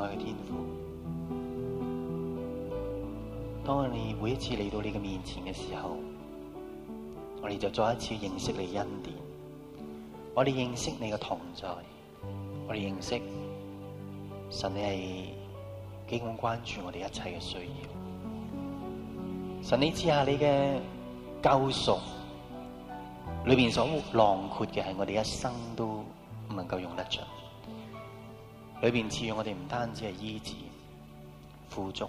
愛嘅天父。當你每一次嚟到你嘅面前嘅時候，我哋就再一次認識你的恩典。我哋認識你嘅同在，我哋認識神，你係基本關注我哋一切嘅需要。神，你之下你嘅救贖裏邊所囊括嘅係我哋一生都唔能夠用得着。裏面，賜予我哋唔單止係醫治、富足、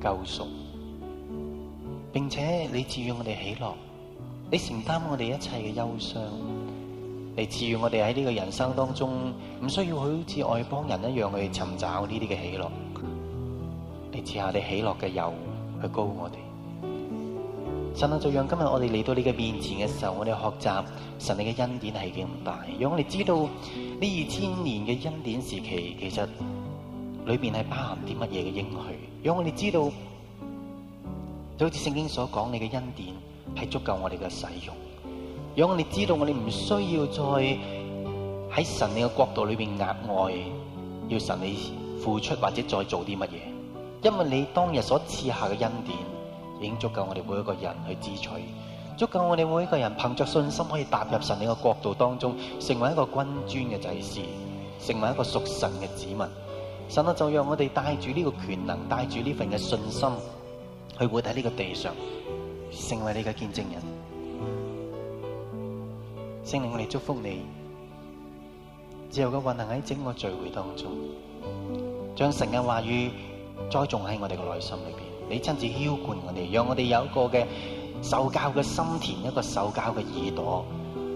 救贖，並且你賜予我哋喜樂，你承擔我哋一切嘅憂傷，你賜予我哋喺呢個人生當中唔需要好似外邦人一樣去尋找呢啲嘅喜樂。你賜下你喜樂嘅油去膏我哋。神啊，就讓今日我哋嚟到你嘅面前嘅時候，我哋學習神你嘅恩典係幾咁大，讓我哋知道呢二千年嘅恩典時期，其實裏邊係包含啲乜嘢嘅應許。讓我哋知道，就好似聖經所講，你嘅恩典係足夠我哋嘅使用。讓我哋知道，我哋唔需要再喺神你嘅國度裏邊額外要神你付出或者再做啲乜嘢，因為你當日所賜下嘅恩典。已經足夠我哋每一個人去支取，足夠我哋每一個人憑着信心可以踏入神你嘅國度當中，成為一個君尊嘅祭司，成為一個屬神嘅子民。神啊，就讓我哋帶住呢個權能，帶住呢份嘅信心，去活喺呢個地上，成為你嘅見證人。聖靈，我哋祝福你，自由嘅運行喺整個聚會當中，將神嘅話語栽種喺我哋嘅內心裏邊。你親自澆灌我哋，讓我哋有一個嘅受教嘅心田，一個受教嘅耳朵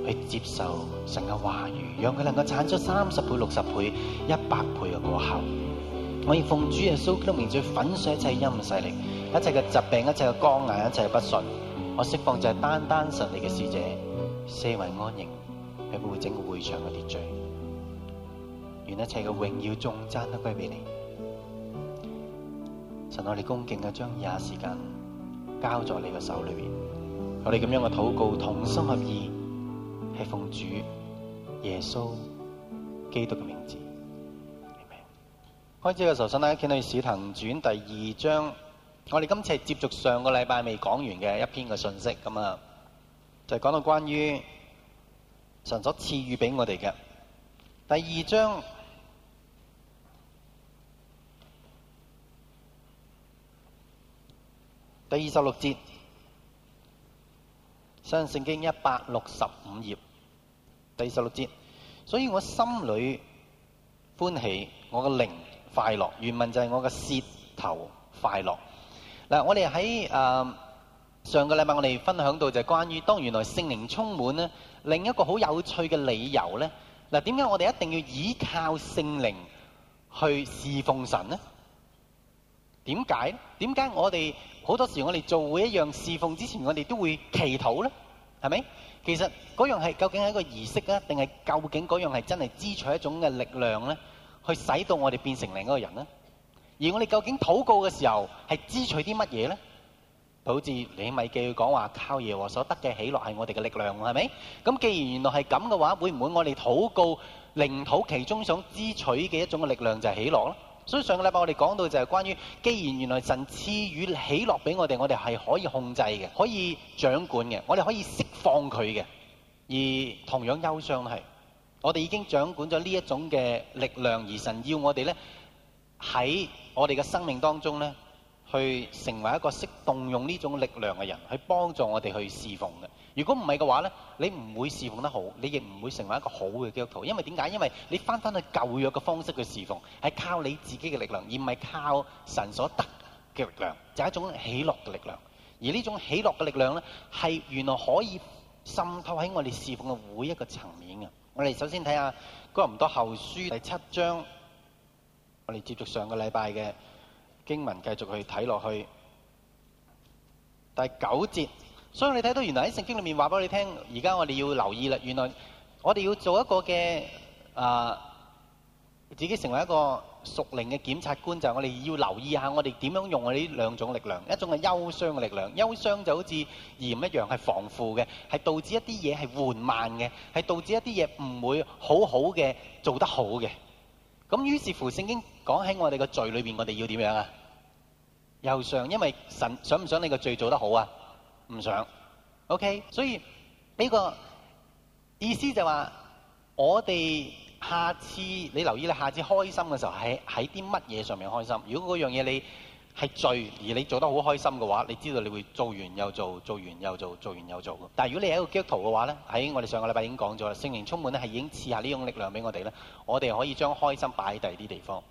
去接受神嘅話語，讓佢能夠產出三十倍、六十倍、一百倍嘅果效。我要奉主耶蘇基督名，再粉碎一切陰暗勢力，一切嘅疾病，一切嘅光暗，一切嘅不順，我釋放就係單單神你嘅使者，四圍安營，保護整個會場嘅秩序，願一切嘅榮耀、頌讚都歸俾你。神，我哋恭敬嘅將以下時間交在你嘅手裏邊。我哋咁樣嘅禱告，同心合意，係奉主耶穌基督嘅名字。嚟。開始嘅時候，神大家見到《使徒行傳》第二章。我哋今次係接續上個禮拜未講完嘅一篇嘅信息，咁啊，就係講到關於神所賜予俾我哋嘅第二章。第二十六節，新聖經一百六十五頁，第二十六節，所以我心裏歡喜，我嘅靈快樂，原文就係我嘅舌頭快樂。嗱，我哋喺誒上個禮拜我哋分享到就係關於當原來聖靈充滿呢，另一個好有趣嘅理由呢。嗱，點解我哋一定要依靠聖靈去侍奉神呢？點解？點解我哋好多時我哋做每一樣侍奉之前，我哋都會祈禱咧？係咪？其實嗰樣係究竟係一個儀式啊，定係究竟嗰樣係真係支取一種嘅力量咧，去使到我哋變成另一個人咧？而我哋究竟禱告嘅時候係支取啲乜嘢咧？好似尼希米記佢講話，靠耶和華所得嘅喜樂係我哋嘅力量，係咪？咁既然原來係咁嘅話，會唔會我哋禱告靈禱其中想支取嘅一種嘅力量就係喜樂咧？所以上個禮拜我哋講到就係關於，既然原來神賜予喜樂俾我哋，我哋係可以控制嘅，可以掌管嘅，我哋可以釋放佢嘅。而同樣憂傷係，我哋已經掌管咗呢一種嘅力量，而神要我哋呢喺我哋嘅生命當中呢，去成為一個識動用呢種力量嘅人，去幫助我哋去侍奉嘅。如果唔係嘅話呢你唔會侍奉得好，你亦唔會成為一個好嘅基督徒。因為點解？因為你返返去舊約嘅方式去侍奉，係靠你自己嘅力量，而唔係靠神所得嘅力量，就係一種喜樂嘅力量。而呢種喜樂嘅力量呢，係原來可以滲透喺我哋侍奉嘅每一個層面嘅。我哋首先睇下《哥林多後書》第七章，我哋接續上個禮拜嘅經文，繼續去睇落去第九節。所以你睇到原來喺聖經裏面話俾你聽，而家我哋要留意啦。原來我哋要做一個嘅啊，自己成為一個屬靈嘅檢察官，就係我哋要留意下我哋點樣用我哋呢兩種力量。一種係憂傷嘅力量，憂傷就好似鹽一樣，係防腐嘅，係導致一啲嘢係緩慢嘅，係導致一啲嘢唔會好好嘅做得好嘅。咁於是乎，聖經講喺我哋個罪裏面，我哋要點樣啊？憂傷，因為神想唔想你個罪做得好啊？唔想，OK，所以呢個意思就話，我哋下次你留意，你下次開心嘅時候喺喺啲乜嘢上面開心？如果嗰樣嘢你係罪而你做得好開心嘅話，你知道你會做完又做，做完又做，做完又做。但係如果你係一個基督徒嘅話呢，喺我哋上個禮拜已經講咗啦，聖靈充滿呢，係已經賜下呢種力量俾我哋呢，我哋可以將開心擺喺第二啲地方，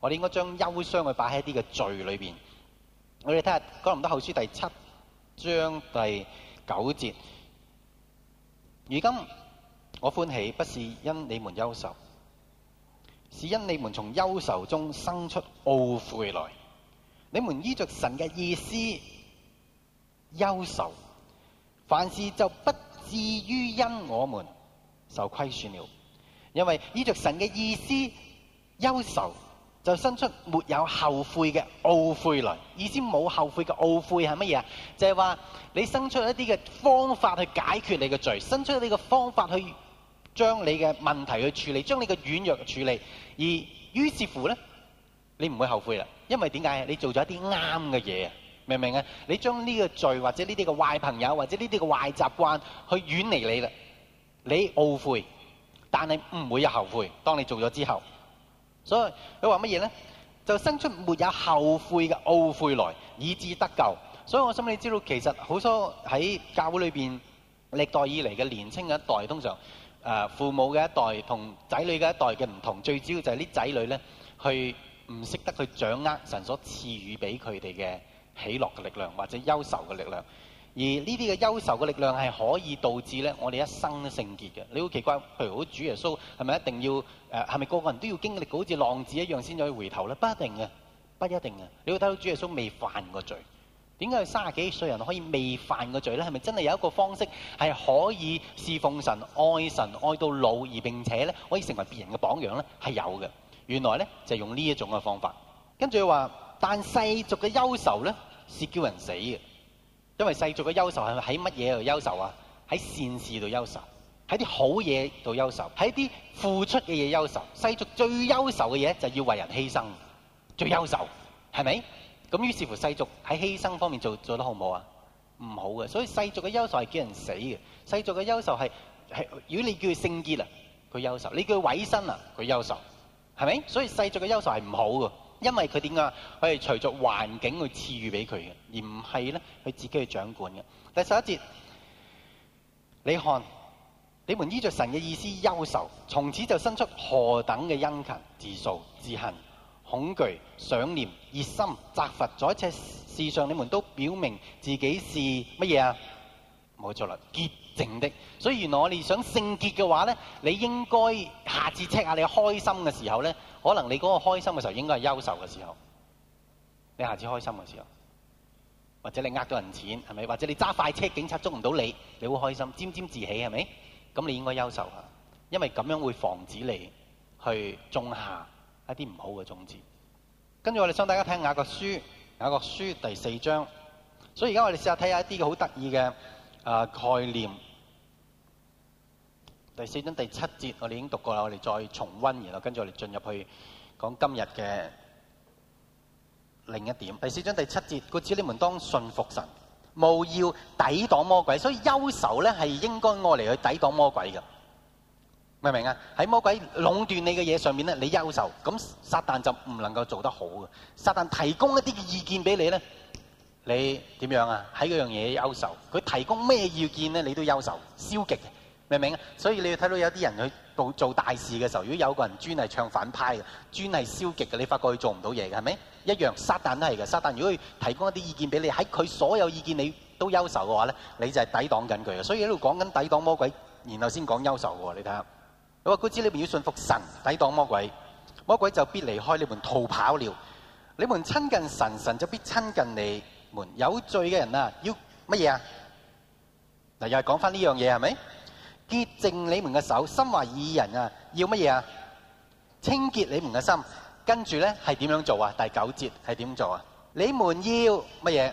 我哋應該將憂傷去擺喺一啲嘅罪裏邊。我哋睇下《哥林多後書》第七。將第九節，如今我歡喜，不是因你們憂愁，是因你們從憂愁中生出懊悔來。你們依着神嘅意思憂愁，凡事就不至於因我們受虧損了，因為依着神嘅意思憂愁，就生出沒有後悔嘅懊悔來，意思冇後悔嘅懊悔係乜嘢啊？就係話你生出一啲嘅方法去解決你嘅罪，生出呢個方法去將你嘅問題去處理，將你嘅軟弱處理。而於是乎呢，你唔會後悔啦，因為點解啊？你做咗一啲啱嘅嘢啊，明唔明啊？你將呢個罪或者呢啲嘅壞朋友或者呢啲嘅壞習慣去遠離你啦。你懊悔，但係你唔會有後悔。當你做咗之後。所以佢話乜嘢呢？就生出沒有後悔嘅懊悔來，以致得救。所以我心裏你知道，其實好多喺教會裏面歷代以嚟嘅年青嘅一代，通常誒父母嘅一代同仔女嘅一代嘅唔同，最主要就係啲仔女呢，去唔識得去掌握神所賜予俾佢哋嘅喜樂嘅力量，或者憂愁嘅力量。而呢啲嘅憂愁嘅力量係可以導致呢，我哋一生聖潔嘅。你好奇怪？譬如好主耶穌係咪一定要係咪個個人都要經歷好似浪子一樣先至可以回頭呢？不一定嘅，不一定嘅。你會睇到主耶穌未犯過罪，點解佢三十幾歲人可以未犯過罪呢？係咪真係有一個方式係可以侍奉神、愛神、愛到老，而並且呢可以成為別人嘅榜樣呢？係有嘅。原來呢，就是、用呢一種嘅方法。跟住話，但世俗嘅憂愁呢，是叫人死嘅。因為世俗嘅優秀係咪喺乜嘢度優秀啊？喺善事度優秀，喺啲好嘢度優秀，喺啲付出嘅嘢優秀。世俗最優秀嘅嘢就係要為人犧牲，最優秀係咪？咁於是乎世俗喺犧牲方面做做得好唔好啊？唔好嘅，所以世俗嘅優秀係叫人死嘅。世俗嘅優秀係係如果你叫佢聖潔啊，佢優秀；你叫佢委身啊，佢優秀，係咪？所以世俗嘅優秀係唔好嘅。因為佢點解？佢係隨着環境去賜予俾佢嘅，而唔係咧佢自己去掌管嘅。第十一節，你看，你們依著神嘅意思憂愁，從此就生出何等嘅殷勤、自訴、自恨、恐懼、想念、熱心、責罰，在一切事上你們都表明自己是乜嘢啊？冇錯啦，潔淨的。所以原來我哋想聖潔嘅話咧，你應該下次 check 下你開心嘅時候咧。可能你嗰個開心嘅時候應該係憂愁嘅時候，你下次開心嘅時候，或者你呃到人錢係咪？或者你揸快車警察捉唔到你，你會開心，沾沾自喜係咪？咁你應該憂愁啊，因為咁樣會防止你去種下一啲唔好嘅種子。跟住我哋想大家睇下雅各書，雅各書第四章。所以而家我哋試下睇下一啲好得意嘅概念。第四章第七節，我哋已經讀過啦，我哋再重溫，然後跟住我哋進入去講今日嘅另一點。第四章第七節，故此你們當信服神，無要抵擋魔鬼。所以憂愁咧係應該愛嚟去抵擋魔鬼嘅，明唔明啊？喺魔鬼壟斷你嘅嘢上面咧，你憂愁，咁撒但就唔能夠做得好嘅。撒但提供一啲嘅意見俾你咧，你點樣啊？喺嗰樣嘢憂愁，佢提供咩意見咧？你都憂愁，消極嘅。明唔明啊？所以你要睇到有啲人去做做大事嘅時候，如果有個人專係唱反派嘅，專係消極嘅，你發覺佢做唔到嘢嘅，係咪？一樣撒旦都係嘅，撒旦如果佢提供一啲意見俾你，喺佢所有意見你都憂愁嘅話咧，你就係抵擋緊佢嘅，所以喺度講緊抵擋魔鬼，然後先講憂愁嘅。你睇下，佢話故此，你們要信服神，抵擋魔鬼，魔鬼就必離開你們，逃跑了。你們親近神，神就必親近你們。有罪嘅人啊，要乜嘢啊？嗱，又係講翻呢樣嘢，係咪？潔淨你們嘅手，心懷二意嘅人啊，要乜嘢啊？清潔你們嘅心，跟住呢，係點樣做啊？第九節係點做啊？你們要乜嘢？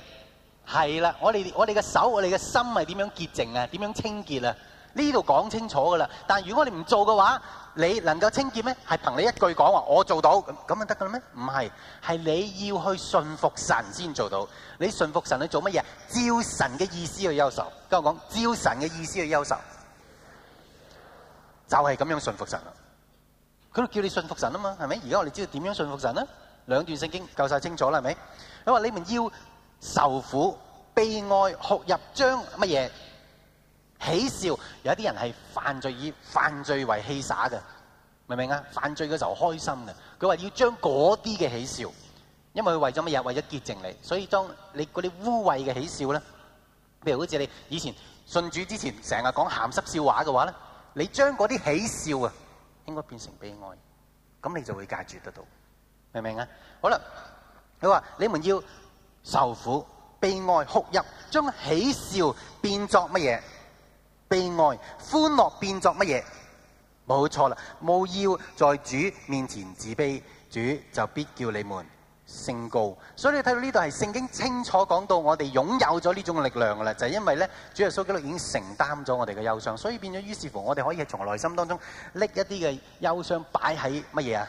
係啦，我哋我哋嘅手，我哋嘅心係點樣潔淨啊？點樣清潔啊？呢度講清楚噶啦。但如果你唔做嘅話，你能夠清潔咩？係憑你一句講話，我做到咁咁就得噶啦咩？唔係，係你要去順服神先做到。你順服神，去做乜嘢？照神嘅意思去憂愁。跟我講，照神嘅意思去憂愁。就係咁樣信服神啦，佢都叫你信服神啊嘛，係咪？而家我哋知道點樣信服神啦，兩段聖經夠晒清楚啦，係咪？佢話你們要受苦、悲哀、哭泣，將乜嘢喜笑，有啲人係犯罪，以犯罪為戲耍嘅，明唔明啊？犯罪嗰時候開心嘅，佢話要將嗰啲嘅喜笑，因為佢為咗乜嘢？為咗潔淨你，所以當你嗰啲污穢嘅喜笑咧，譬如好似你以前信主之前成日講鹹濕笑話嘅話咧。你將嗰啲喜笑啊，應該變成悲哀，咁你就會解決得到，明唔明啊？好啦，佢話你們要受苦、悲哀、哭泣，將喜笑變作乜嘢？悲哀、歡樂變作乜嘢？冇錯啦，務要在主面前自卑，主就必叫你們。升高，所以你睇到呢度係聖經清楚講到，我哋擁有咗呢種力量㗎啦，就係、是、因為呢，主耶穌基督已經承擔咗我哋嘅憂傷，所以變咗於是乎，我哋可以從內心當中拎一啲嘅憂傷擺喺乜嘢啊？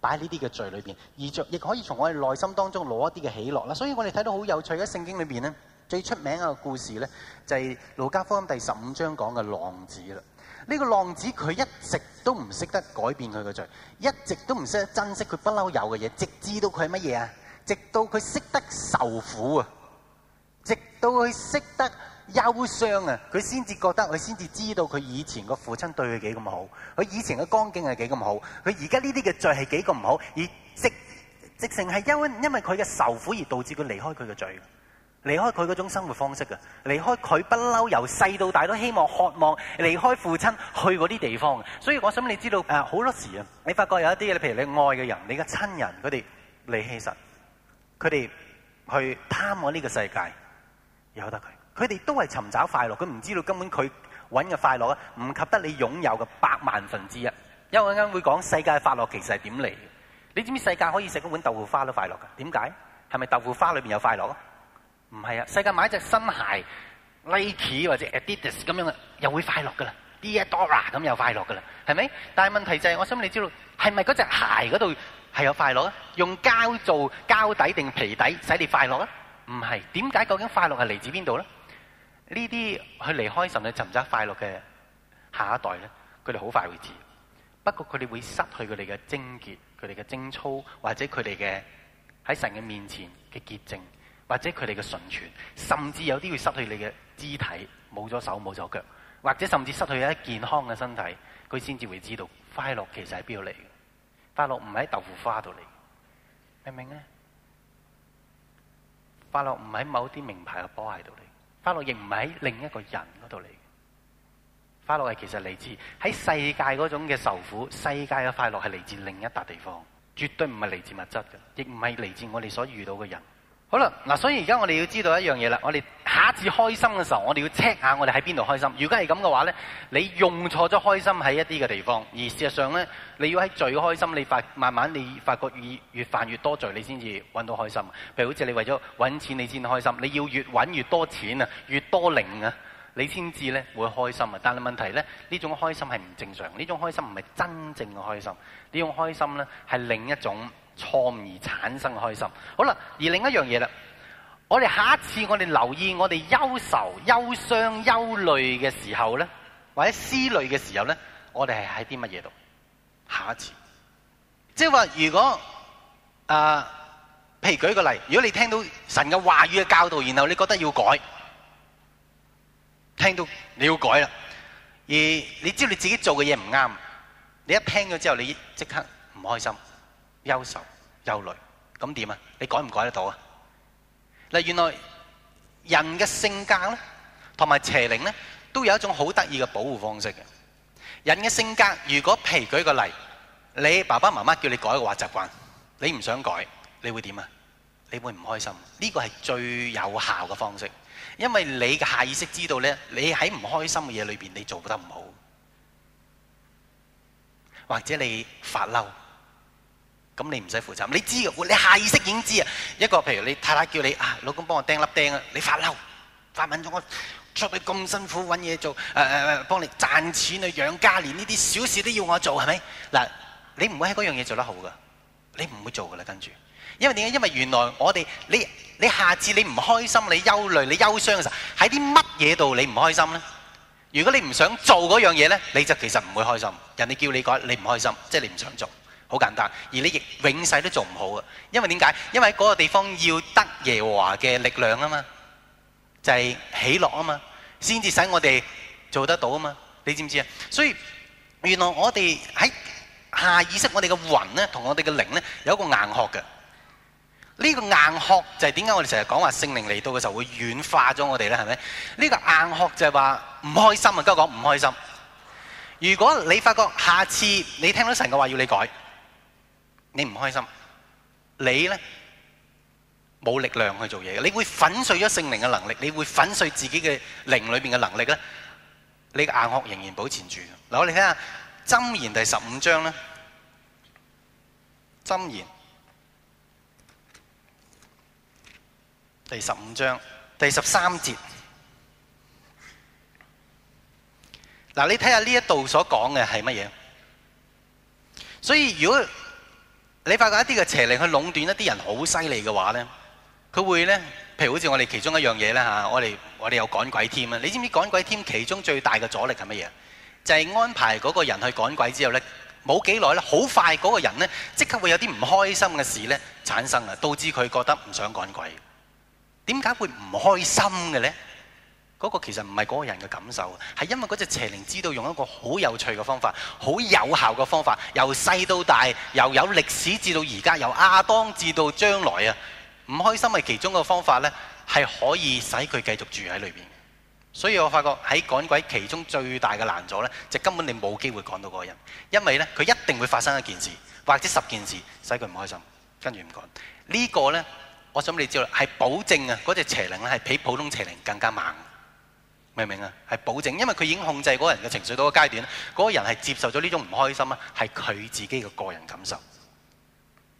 擺喺呢啲嘅罪裏邊，而亦可以從我哋內心當中攞一啲嘅喜樂啦。所以我哋睇到好有趣嘅聖經裏面呢，最出名嘅故事呢、就是，就係路加福音第十五章講嘅浪子啦。呢個浪子佢一直都唔識得改變佢個罪，一直都唔識得珍惜佢不嬲有嘅嘢，直至到佢係乜嘢啊？直到佢識得受苦啊，直到佢識得憂傷啊，佢先至覺得，佢先至知道佢以前個父親對佢幾咁好，佢以前個光景係幾咁好，佢而家呢啲嘅罪係幾咁唔好，而直直成係因因為佢嘅受苦而導致佢離開佢嘅罪。離開佢嗰種生活方式啊，離開佢不嬲，由細到大都希望、渴望離開父親去嗰啲地方。所以我想你知道誒，好多時啊，你發覺有一啲嘢，譬如你愛嘅人，你嘅親人，佢哋離棄神，佢哋去貪我呢個世界，由得佢，佢哋都係尋找快樂，佢唔知道根本佢揾嘅快樂啊，唔及得你擁有嘅百萬分之一。因為我啱會講世界嘅快樂其實係點嚟嘅，你知唔知世界可以食碗豆腐花都快樂噶？點解？係咪豆腐花裏面有快樂啊？唔係啊！世界買一隻新鞋 Nike 或者 Adidas 咁樣嘅，又會快樂噶啦，Diora 咁又快樂噶啦，係咪？但係問題就係、是，我想你知道係咪嗰隻鞋嗰度係有快樂啊？用膠做膠底定皮底使你快樂啊？唔係，點解究竟快樂係嚟自邊度咧？呢啲去離開神嚟尋找快樂嘅下一代咧，佢哋好快會知。不過佢哋會失去佢哋嘅貞潔、佢哋嘅貞操，或者佢哋嘅喺神嘅面前嘅潔淨。或者佢哋嘅存存，甚至有啲會失去你嘅肢體，冇咗手冇咗腳，或者甚至失去一健康嘅身體，佢先至會知道快樂其實喺邊度嚟嘅。快樂唔喺豆腐花度嚟，明唔明呢？快樂唔喺某啲名牌嘅波鞋度嚟，快樂亦唔喺另一個人嗰度嚟。快樂係其實嚟自喺世界嗰種嘅受苦，世界嘅快樂係嚟自另一笪地方，絕對唔係嚟自物質嘅，亦唔係嚟自我哋所遇到嘅人。好啦，嗱，所以而家我哋要知道一樣嘢啦，我哋下一次開心嘅時候，我哋要 check 下我哋喺邊度開心。如果係咁嘅話咧，你用錯咗開心喺一啲嘅地方，而事實上咧，你要喺最開心，你發慢慢你發覺越越犯越多罪，你先至揾到開心。譬如好似你為咗揾錢，你先開心，你要越揾越多錢啊，越多零啊，你先至咧會開心啊。但係問題咧，呢種開心係唔正常，呢種開心唔係真正嘅開心，呢種開心咧係另一種。錯誤而產生開心。好啦，而另一樣嘢啦，我哋下一次我哋留意我哋憂愁、憂傷、憂慮嘅時候咧，或者思慮嘅時候咧，我哋係喺啲乜嘢度？下一次，即係話如果啊，譬如舉個例，如果你聽到神嘅話語嘅教導，然後你覺得要改，聽到你要改啦，而你知道你自己做嘅嘢唔啱，你一聽咗之後，你即刻唔開心。憂愁、憂慮，咁點啊？你改唔改得到啊？原來人嘅性格呢，同埋邪靈呢，都有一種好得意嘅保護方式。人嘅性格，如果譬如舉個例，你爸爸媽媽叫你改一個壞習慣，你唔想改，你會點啊？你會唔開心？呢個係最有效嘅方式，因為你嘅下意識知道呢，你喺唔開心嘅嘢裏面，你做得唔好，或者你發嬲。咁你唔使負責，你知嘅，你下意識已經知啊！一個譬如你太太叫你啊，老公幫我釘粒釘啊，你發嬲，發問咗我，出去咁辛苦揾嘢做，誒誒誒，幫你賺錢去養家，連呢啲小事都要我做，係咪？嗱，你唔會喺嗰樣嘢做得好嘅，你唔會做嘅啦，跟住，因為點解？因為原來我哋你你下次你唔開心、你憂慮、你憂傷嘅時候，喺啲乜嘢度你唔開心咧？如果你唔想做嗰樣嘢咧，你就其實唔會開心。人哋叫你改，你唔開心，即係你唔想做。好簡單，而你亦永世都做唔好啊！因為點解？因為嗰個地方要得耶和華嘅力量啊嘛，就係喜樂啊嘛，先至使我哋做得到啊嘛。你知唔知啊？所以原來我哋喺下意識，我哋嘅魂咧同我哋嘅靈咧有一個硬殼嘅。呢個硬殼就係點解我哋成日講話聖靈嚟到嘅時候會軟化咗我哋咧？係咪？呢個硬殼就係話唔開心啊！我講唔開心。如果你發覺下次你聽到神嘅話要你改，你唔開心，你咧冇力量去做嘢嘅，你會粉碎咗聖靈嘅能力，你會粉碎自己嘅靈裏面嘅能力咧。你嘅硬殼仍然保持住。嗱，我哋睇下箴言第十五章咧，箴言第十五章第十三節。嗱，你睇下呢一度所講嘅係乜嘢？所以如果你發覺一啲嘅邪靈去壟斷一啲人好犀利嘅話呢，佢會呢？譬如好似我哋其中一樣嘢咧，我哋我哋有趕鬼添。你知唔知趕鬼添其中最大嘅阻力係乜嘢？就係安排嗰個人去趕鬼之後呢，冇幾耐咧，好快嗰個人呢，即刻會有啲唔開心嘅事咧產生啊，導致佢覺得唔想趕鬼。點解會唔開心嘅呢？嗰個其實唔係嗰個人嘅感受，係因為嗰隻邪靈知道用一個好有趣嘅方法、好有效嘅方法，由細到大，由有歷史至到而家，由亞當至到將來啊！唔開心係其中嘅方法呢，係可以使佢繼續住喺裏面。所以我發覺喺趕鬼其中最大嘅難阻呢，就根本你冇機會趕到嗰個人，因為呢，佢一定會發生一件事或者十件事，使佢唔開心。跟住唔趕呢個呢，我想你知道，係保證啊！嗰隻邪靈咧係比普通邪靈更加猛。明唔明啊？係保證，因為佢已經控制嗰個人嘅情緒到個階段咧，嗰個人係接受咗呢種唔開心啦，係佢自己嘅個人感受。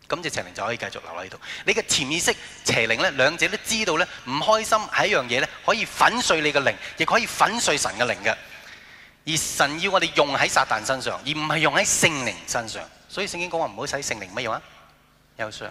咁隻邪靈就可以繼續留喺度。你嘅潛意識邪靈咧，兩者都知道咧，唔開心係一樣嘢咧，可以粉碎你嘅靈，亦可以粉碎神嘅靈嘅。而神要我哋用喺撒旦身上，而唔係用喺聖靈身上。所以聖經講話唔好使聖靈乜嘢啊？憂傷。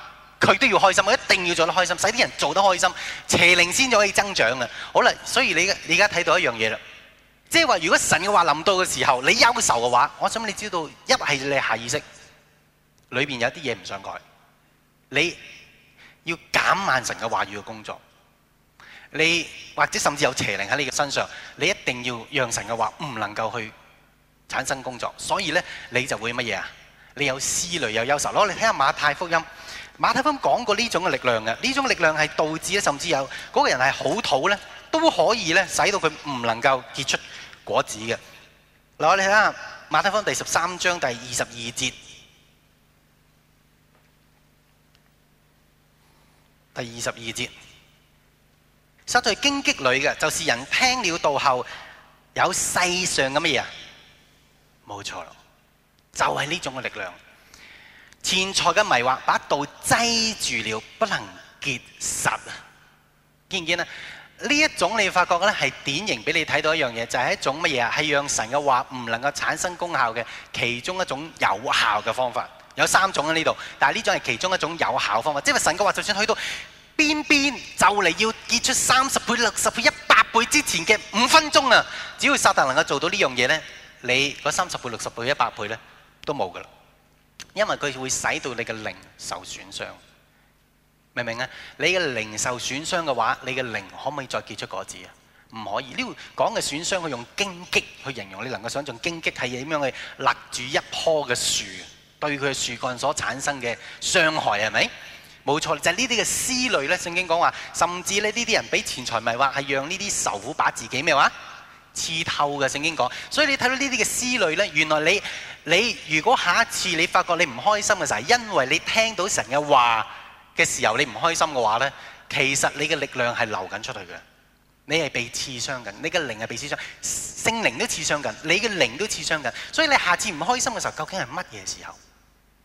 佢都要開心，我一定要做得開心，使啲人做得開心，邪靈先至可以增長嘅。好啦，所以你你而家睇到一樣嘢啦，即係話如果神嘅話諗到嘅時候，你憂愁嘅話，我想你知道一係你下意識裏邊有啲嘢唔想改，你要減慢神嘅話語嘅工作，你或者甚至有邪靈喺你嘅身上，你一定要讓神嘅話唔能夠去產生工作。所以咧，你就會乜嘢啊？你有思慮，有憂愁咯。你睇下馬太福音。馬太福講過這種力量的，這種力量是導致甚至有嗰個人係好土咧，都可以咧，使到他不能夠結出果子嘅。嗱，我們看看馬太福第十三章第二十二節，第二十二節，實在荊棘裏的就是人聽了道後有世上的什麼啊？冇錯，就是這種力量。錢財嘅迷惑把道擠住了，不能結實啊！見唔見啊？呢一種你發覺呢係典型俾你睇到的一樣嘢，就係、是、一種乜嘢啊？係讓神嘅話唔能夠產生功效嘅其中一種有效嘅方法。有三種喺呢度，但係呢種係其中一種有效的方法。即係神嘅話，就算去到邊邊就嚟要結出三十倍、六十倍、一百倍之前嘅五分鐘啊！只要撒但能夠做到呢樣嘢呢，你嗰三十倍、六十倍、一百倍呢，都冇噶啦。因為佢會使到你嘅靈受損傷，明唔明啊？你嘅靈受損傷嘅話，你嘅靈可唔可以再結出果子啊？唔可以。呢度講嘅損傷，佢用荊棘去形容，你能夠想象荊棘係點樣去勒住一棵嘅樹，對佢嘅樹幹所產生嘅傷害係咪？冇錯，就係呢啲嘅思慮咧。聖經講話，甚至咧呢啲人俾錢財，迷惑係讓呢啲愁苦把自己咩話？刺透嘅。聖經講，所以你睇到呢啲嘅思慮呢，原來你你如果下一次你發覺你唔開心嘅時候，因為你聽到神嘅話嘅時候你唔開心嘅話呢，其實你嘅力量係流緊出去嘅，你係被刺傷緊，你嘅靈係被刺傷，聖靈都刺傷緊，你嘅靈都刺傷緊，所以你下次唔開心嘅時候，究竟係乜嘢時候？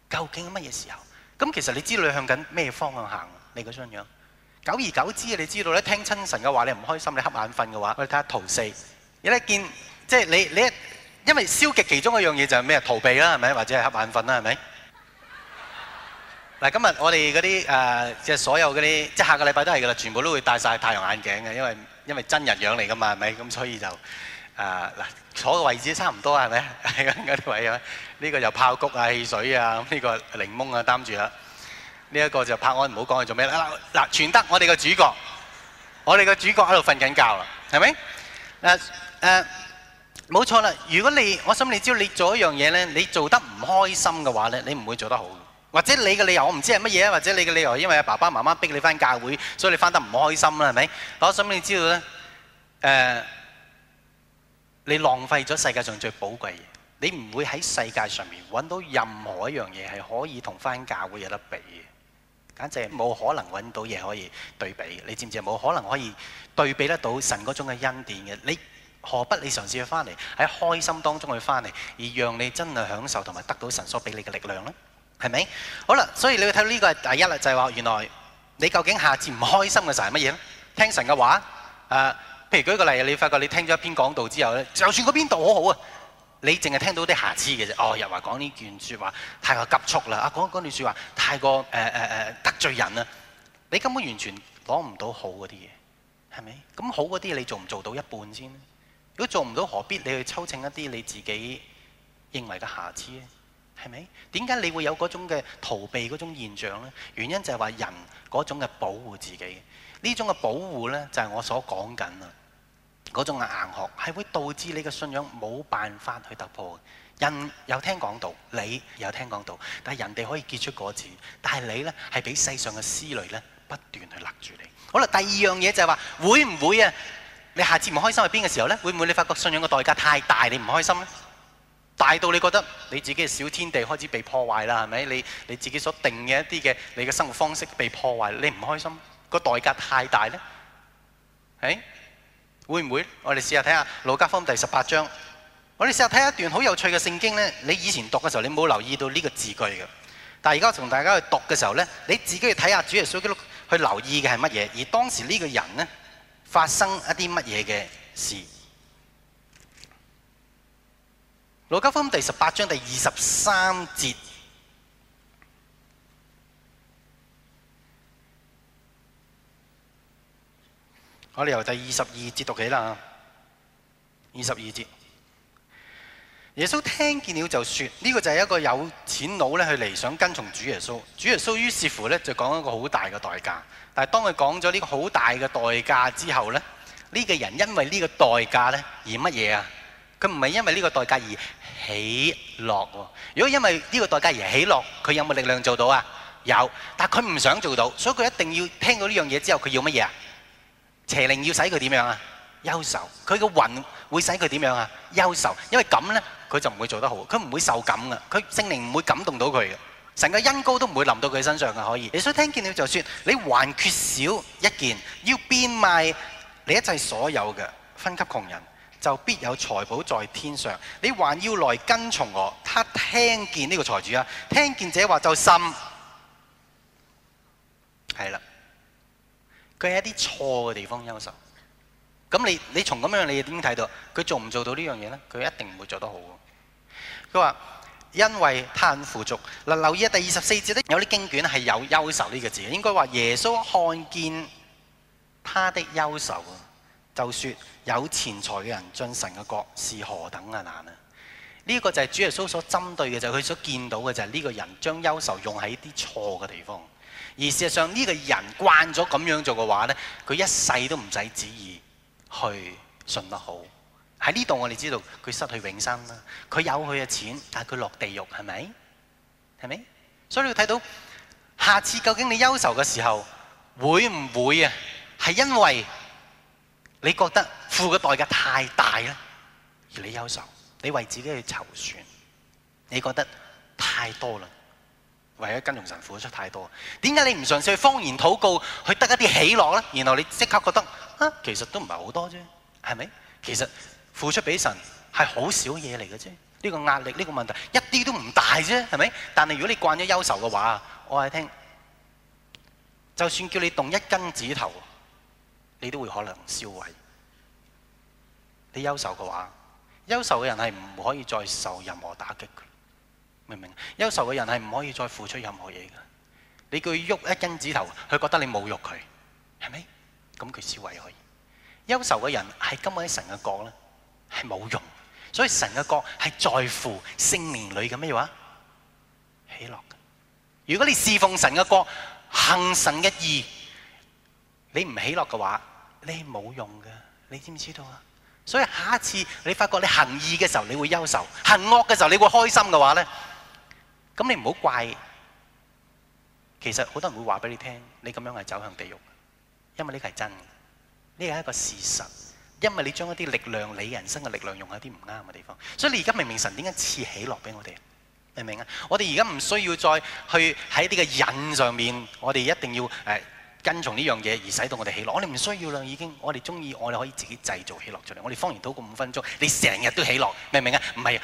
究竟係乜嘢時候？咁其實你知道你在向緊咩方向行？你嗰張樣，久而久之，你知道咧，聽親神嘅話你唔開心，你瞌眼瞓嘅話，我哋睇下圖四。你一見即係你你一，因為消極其中一樣嘢就係咩？逃避啦，係咪？或者係瞌眼瞓啦，係咪？嗱，今日我哋嗰啲誒，即係所有嗰啲，即係下個禮拜都係噶啦，全部都會戴晒太陽眼鏡嘅，因為因為真人樣嚟噶嘛，係咪？咁所以就誒嗱，坐個位置差唔多啊，係咪？係嗰啲位啊，呢個就泡谷啊，汽水啊，呢個檸檬啊擔住啦，呢一個就泡安唔好講佢做咩啦。嗱，全德，我哋個主角，我哋個主角喺度瞓緊覺啦，係咪？誒。誒，冇錯啦！如果你我想你知道，你做一樣嘢咧，你做得唔開心嘅話咧，你唔會做得好。或者你嘅理由我唔知係乜嘢，或者你嘅理由因為阿爸爸媽媽逼你翻教會，所以你翻得唔開心啦，係咪？我想你知道咧，誒，你浪費咗世界上最寶貴嘅嘢。你唔會喺世界上面揾到任何一樣嘢係可以同翻教會有得比嘅，簡直係冇可能揾到嘢可以對比。你知唔知啊？冇可能可以對比得到神嗰種嘅恩典嘅，你。何不你嘗試去翻嚟喺開心當中去翻嚟，而讓你真係享受同埋得到神所俾你嘅力量呢？係咪？好啦，所以你睇到呢個係第一啦，就係、是、話原來你究竟下次唔開心嘅時候係乜嘢咧？聽神嘅話誒、啊，譬如舉個例，你發覺你聽咗一篇講道之後呢，就算嗰邊度好好啊，你淨係聽到啲瑕疵嘅啫。哦，又話講呢句説話太過急促啦，啊講講段説話太過誒誒、呃呃、得罪人啦，你根本完全攞唔到好嗰啲嘢，係咪？咁好嗰啲你做唔做到一半先？如果做唔到，何必你去抽襯一啲你自己認為嘅瑕疵咧？係咪？點解你會有嗰種嘅逃避嗰種現象咧？原因就係話人嗰種嘅保護自己，呢種嘅保護呢，就係我所講緊啊，嗰種硬殼係會導致你嘅信仰冇辦法去突破嘅。人有聽講道，你有聽講道，但係人哋可以結出果子，但係你呢，係俾世上嘅思慮呢，不斷去勒住你。好啦，第二樣嘢就係話會唔會啊？你下次唔開心去邊嘅時候呢，會唔會你發覺信仰嘅代價太大，你唔開心呢，大到你覺得你自己嘅小天地開始被破壞啦，係咪？你你自己所定嘅一啲嘅你嘅生活方式被破壞，你唔開心，個代價太大呢？誒，會唔會？我哋試下睇下路加福音第十八章。我哋試下睇一段好有趣嘅聖經呢。你以前讀嘅時候，你冇留意到呢個字句嘅。但係而家我同大家去讀嘅時候呢，你自己去睇下主耶穌基督去留意嘅係乜嘢？而當時呢個人呢，發生一啲乜嘢嘅事？《路加福音》第十八章第二十三節，我哋由第二十二節讀起啦。二十二節，耶穌聽見了就說呢、這個就係一個有錢佬咧，佢嚟想跟從主耶穌。主耶穌於是乎咧，就講一個好大嘅代價。但係當佢講咗呢個好大嘅代價之後呢，呢、呢個人因為呢個代價呢而乜嘢啊？佢唔係因為呢個代價而喜樂喎。如果因為呢個代價而喜樂，佢有冇力量做到啊？有，但係佢唔想做到，所以佢一定要聽到呢樣嘢之後，佢要乜嘢啊？邪靈要使佢點樣啊？憂愁。佢嘅魂會使佢點樣啊？憂愁。因為咁呢，佢就唔會做得好。佢唔會受感嘅。佢聖靈唔會感動到佢嘅。成個恩膏都唔會臨到佢身上嘅，可以。耶穌聽見佢就說：你還缺少一件，要變賣你一切所有嘅，分給窮人，就必有財寶在天上。你還要來跟從我。他聽見呢個財主啊，聽見者話就甚，係啦。佢喺啲錯嘅地方憂愁。咁你你從咁樣，你點睇到佢做唔做到呢樣嘢呢？佢一定唔會做得好。佢話。因為他很富足，嗱留意啊，第二十四節咧有啲經卷係有憂愁呢個字，應該話耶穌看見他的憂愁啊，就説有錢財嘅人進神嘅國是何等嘅、啊、難啊！呢、這個就係主耶穌所針對嘅，就係、是、佢所見到嘅就係、是、呢個人將憂愁用喺啲錯嘅地方，而事實上呢、這個人慣咗咁樣做嘅話咧，佢一世都唔使旨意去信得好。喺呢度我哋知道佢失去永生啦。佢有佢嘅錢，但係佢落地獄，係咪？係咪？所以你要睇到下次究竟你憂愁嘅時候，會唔會啊？係因為你覺得付嘅代價太大啦，而你憂愁，你為自己去籌算，你覺得太多啦，為咗跟從神付出太多了。點解你唔嘗試去方言禱告，去得一啲喜樂咧？然後你即刻覺得啊，其實都唔係好多啫，係咪？其實。付出俾神係好少嘢嚟嘅啫，呢個壓力，呢個問題一啲都唔大啫，係咪？但係如果你慣咗優秀嘅話，我係聽，就算叫你動一根指頭，你都會可能燒毀。你優秀嘅話，優秀嘅人係唔可以再受任何打擊嘅，明唔明？優秀嘅人係唔可以再付出任何嘢嘅。你叫佢喐一根指頭，佢覺得你侮辱佢，係咪？咁佢燒毀佢。優秀嘅人係根本喺神嘅國係冇用，所以神嘅國係在乎聖靈裏嘅咩話？喜樂。如果你侍奉神嘅國，行神嘅義，你唔喜樂嘅話，你係冇用嘅。你知唔知道啊？所以下一次你發覺你行義嘅時候你會憂愁，行惡嘅時候你會開心嘅話咧，咁你唔好怪。其實好多人都會話俾你聽，你咁樣係走向地獄，因為呢個係真嘅，呢個係一個事實。因為你將一啲力量，你人生嘅力量用喺啲唔啱嘅地方，所以你而家明明神點解賜喜樂俾我哋？明唔明啊？我哋而家唔需要再去喺啲嘅癮上面，我哋一定要誒跟從呢樣嘢，而使到我哋喜樂。我哋唔需要啦，已經。我哋中意，我哋可以自己製造喜樂出嚟。我哋方言禱告五分鐘，你成日都喜樂，明唔明啊？唔係啊，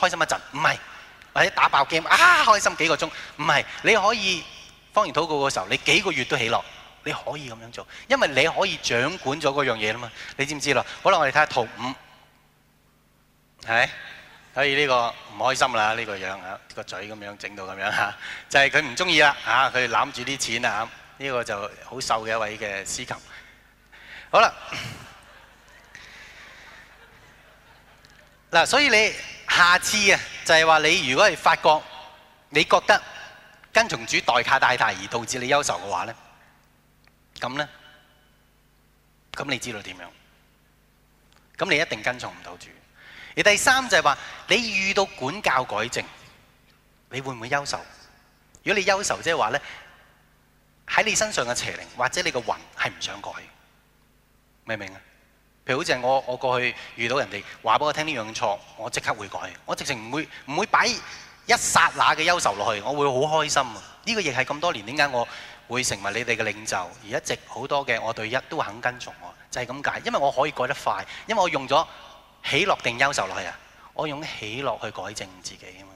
開心一陣，唔係，或者打爆 game 啊，開心幾個鐘，唔係，你可以方言禱告嘅時候，你幾個月都喜樂。你可以咁樣做，因為你可以掌管咗嗰樣嘢啦嘛。你知唔知啦？好啦，我哋睇下圖五。係，所以呢個唔開心啦，呢個樣啊，個嘴咁樣整到咁樣嚇，就係佢唔中意啦嚇。佢攬住啲錢啊嚇，呢個就好瘦嘅一位嘅司徒。好啦，嗱，所以你下次啊，就係話你如果係發覺你覺得跟從主代價太大而導致你憂愁嘅話咧。咁咧，咁你知道點樣？咁你一定跟從唔到主。而第三就係話，你遇到管教改正，你會唔會憂愁？如果你憂愁，即係話咧，喺你身上嘅邪靈或者你個魂係唔想改，明唔明啊？譬如好似我我過去遇到人哋話俾我聽呢樣錯，我即刻會改，我直情唔會唔會擺一剎那嘅憂愁落去，我會好開心。呢個亦係咁多年點解我？會成為你哋嘅領袖，而一直好多嘅我對一都肯跟從我，就係咁解。因為我可以改得快，因為我用咗喜樂定憂愁落去啊！我用喜樂去改正自己啊嘛。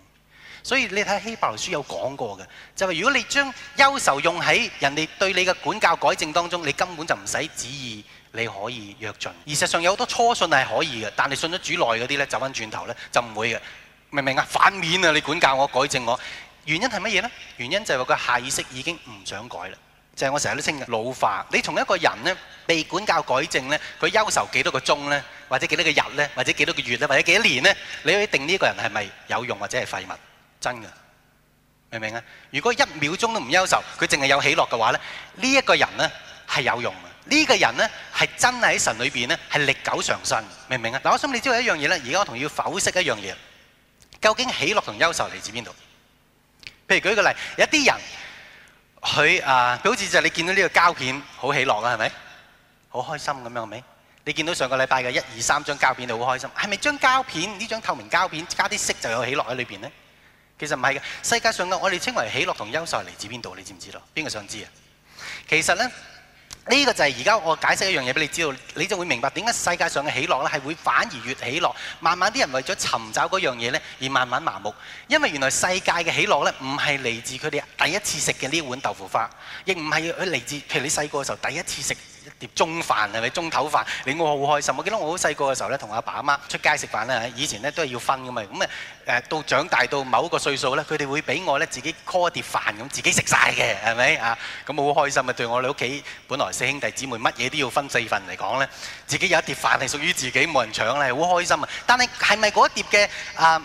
所以你睇希伯來書有講過嘅，就係、是、如果你將憂愁用喺人哋對你嘅管教改正當中，你根本就唔使旨意，你可以躍進。而事實上有好多初信係可以嘅，但你信咗主耐嗰啲呢，走翻轉頭呢，就唔會嘅。明唔明啊？反面啊！你管教我，改正我。原因係乜嘢咧？原因就係話個下意識已經唔想改啦，就係我成日都稱嘅老化。你同一個人咧，被管教改正咧，佢憂愁幾多個鐘咧，或者幾多個日咧，或者幾多個月咧，或者幾多年咧，你可以定呢一個人係咪有用或者係廢物？真嘅，明唔明啊？如果一秒鐘都唔憂愁，佢淨係有喜樂嘅話咧，呢一個人咧係有用嘅。呢個人咧係真係喺神裏邊咧係歷久常新，明唔明啊？嗱，我想你知道一樣嘢咧，而家我同你要剖析一樣嘢，究竟喜樂同憂愁嚟自邊度？譬如舉個例，有啲人佢啊，呃、好似就係你見到呢個膠片，好喜樂啊，係咪？好開心咁樣，係咪？你見到上個禮拜嘅一二三張膠片，你好開心，係咪張膠片？呢張透明膠片加啲色就有喜樂喺裏邊咧。其實唔係嘅，世界上嘅我哋稱為喜樂同優秀係嚟自邊度？你知唔知道？邊個想知啊？其實咧。呢個就係而家我解釋一樣嘢俾你知道，你就會明白點解世界上嘅喜樂咧係會反而越喜樂，慢慢啲人為咗尋找嗰樣嘢呢而慢慢麻木，因為原來世界嘅喜樂咧唔係嚟自佢哋第一次食嘅呢一碗豆腐花，亦唔係佢嚟自譬如你細個時候第一次食。一碟中飯係咪？中頭飯令我好開心。我記得我好細個嘅時候咧，同阿爸阿媽出街食飯咧，以前咧都係要分嘅嘛。咁啊誒，到長大到某一個歲數咧，佢哋會俾我咧自己 call 一碟飯咁，自己食曬嘅係咪啊？咁我好開心啊！對我哋屋企本來四兄弟姊妹乜嘢都要分四份嚟講咧，自己有一碟飯係屬於自己，冇人搶咧，好開心啊！但係係咪嗰一碟嘅啊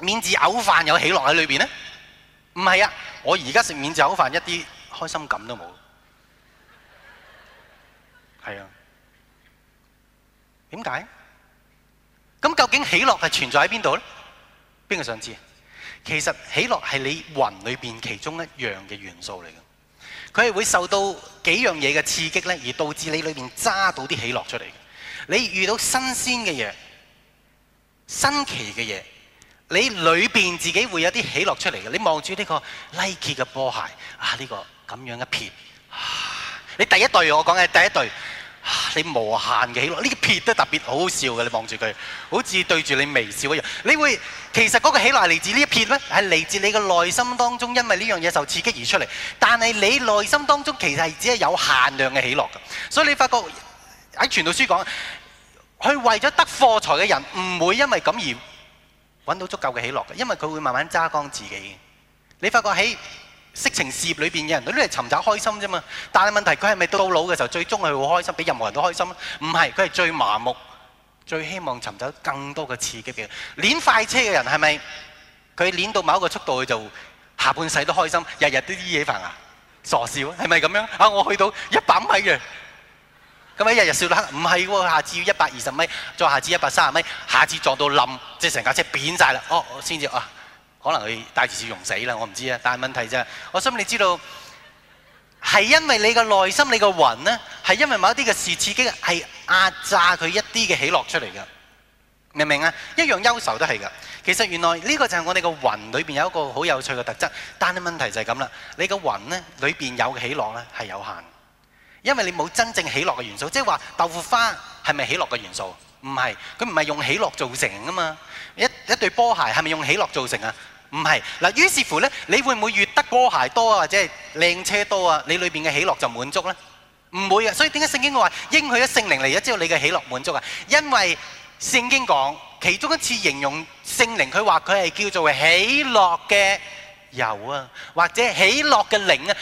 免治藕飯有喜樂喺裏邊咧？唔係啊！我而家食免治藕飯一啲開心感都冇。係啊，點解？咁究竟喜樂係存在喺邊度咧？邊個想知？其實喜樂係你魂裏邊其中一樣嘅元素嚟嘅，佢係會受到幾樣嘢嘅刺激咧，而導致你裏邊揸到啲喜樂出嚟。你遇到新鮮嘅嘢、新奇嘅嘢，你裏邊自己會有啲喜樂出嚟嘅。你望住呢個 Nike 嘅波鞋啊，呢、呢個咁樣一撇，啊，你第一對我講嘅第一對。你無限嘅喜樂，呢個撇都特別好笑嘅。你望住佢，好似對住你微笑一樣。你會其實嗰個喜樂嚟自呢一撇呢，係嚟自你嘅內心當中，因為呢樣嘢受刺激而出嚟。但係你內心當中其實係只係有限量嘅喜樂嘅。所以你發覺喺傳道書講，佢為咗得貨財嘅人唔會因為咁而揾到足夠嘅喜樂嘅，因為佢會慢慢揸光自己。你發覺喺，色情事業裏邊嘅人，佢都嚟係尋找開心啫嘛。但係問題佢係咪到老嘅時候最終係會開心，比任何人都開心？唔係，佢係最麻木，最希望尋找更多嘅刺激嘅。練快車嘅人係咪佢練到某一個速度，佢就下半世都開心，日日都依起飯啊？傻笑，係咪咁樣啊？我去到一百米嘅，咁啊日日笑啦。唔係喎，下次要一百二十米，再下次一百三十米，下次撞到冧，即係成架車扁晒啦。哦，先至啊。可能佢帶住笑容死啦，我唔知啊。但係問題就係，我想你知道係因為你個內心你個魂呢，係因為某一啲嘅事刺激，係壓榨佢一啲嘅喜樂出嚟嘅，明唔明啊？一樣憂愁都係㗎。其實原來呢個就係我哋個魂裏邊有一個好有趣嘅特質。但係問題就係咁啦，你個魂呢裏邊有嘅喜樂呢係有限，因為你冇真正喜樂嘅元素。即係話豆腐花係咪喜樂嘅元素？唔係，佢唔係用喜樂做成㗎嘛。一一對波鞋係咪用喜樂造成啊？唔係嗱，於是乎咧，你會唔會越得波鞋多啊或者係靚車多啊？你裏邊嘅喜樂就滿足咧？唔會啊！所以點解聖經話應許嘅聖靈嚟咗之後，你嘅喜樂滿足啊？因為聖經講其中一次形容聖靈，佢話佢係叫做喜樂嘅油啊，或者喜樂嘅靈啊。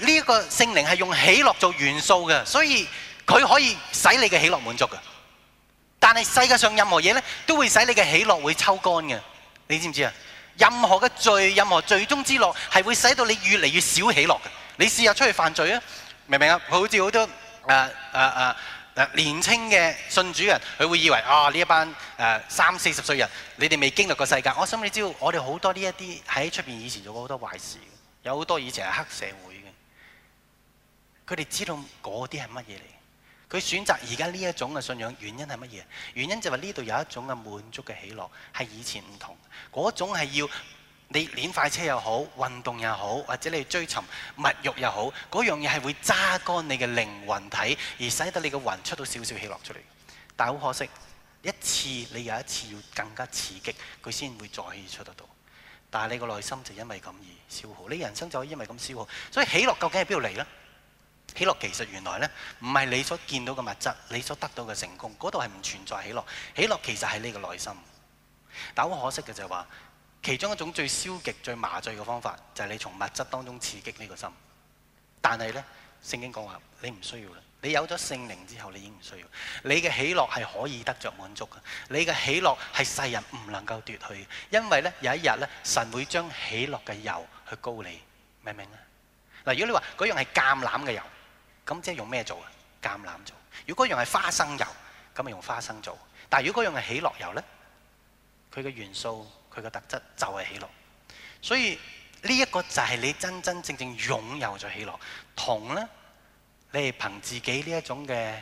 呢個聖靈係用喜樂做元素嘅，所以佢可以使你嘅喜樂滿足嘅。但係世界上任何嘢咧，都會使你嘅喜樂會抽乾嘅，你知唔知啊？任何嘅罪，任何最終之樂，係會使到你越嚟越少喜樂嘅。你試下出去犯罪啊？明唔明啊？好似好多誒誒誒年青嘅信主嘅人，佢會以為啊，呢一班誒三四十歲人，你哋未經歷過世界。我想你知道，我哋好多呢一啲喺出邊以前做過好多壞事，有好多以前係黑社會嘅，佢哋知道嗰啲係乜嘢嚟。佢選擇而家呢一種嘅信仰，原因係乜嘢？原因就係呢度有一種嘅滿足嘅喜樂，係以前唔同。嗰種係要你練快車又好，運動又好，或者你追尋物慾又好，嗰樣嘢係會揸乾你嘅靈魂體，而使得你嘅魂出到少少喜樂出嚟。但係好可惜，一次你有一次要更加刺激，佢先會再出得到。但係你個內心就因為咁而消耗，你人生就因為咁消耗。所以喜樂究竟喺邊度嚟呢？喜樂其實原來呢，唔係你所見到嘅物質，你所得到嘅成功，嗰度係唔存在喜樂。喜樂其實係呢個內心。但好可惜嘅就係話，其中一種最消極、最麻醉嘅方法，就係你從物質當中刺激呢個心。但係呢，聖經講話你唔需要啦。你有咗聖靈之後，你已經唔需要。你嘅喜樂係可以得着滿足嘅。你嘅喜樂係世人唔能夠奪去，因為呢，有一日呢，神會將喜樂嘅油去膏你，明唔明啊？嗱，如果你話嗰樣係橄欖嘅油。咁即係用咩做啊？橄欖做。如果用係花生油，咁咪用花生做。但係如果用係喜樂油呢，佢嘅元素、佢嘅特質就係喜樂。所以呢一個就係你真真正正擁有咗喜樂。同呢，你係憑自己呢一種嘅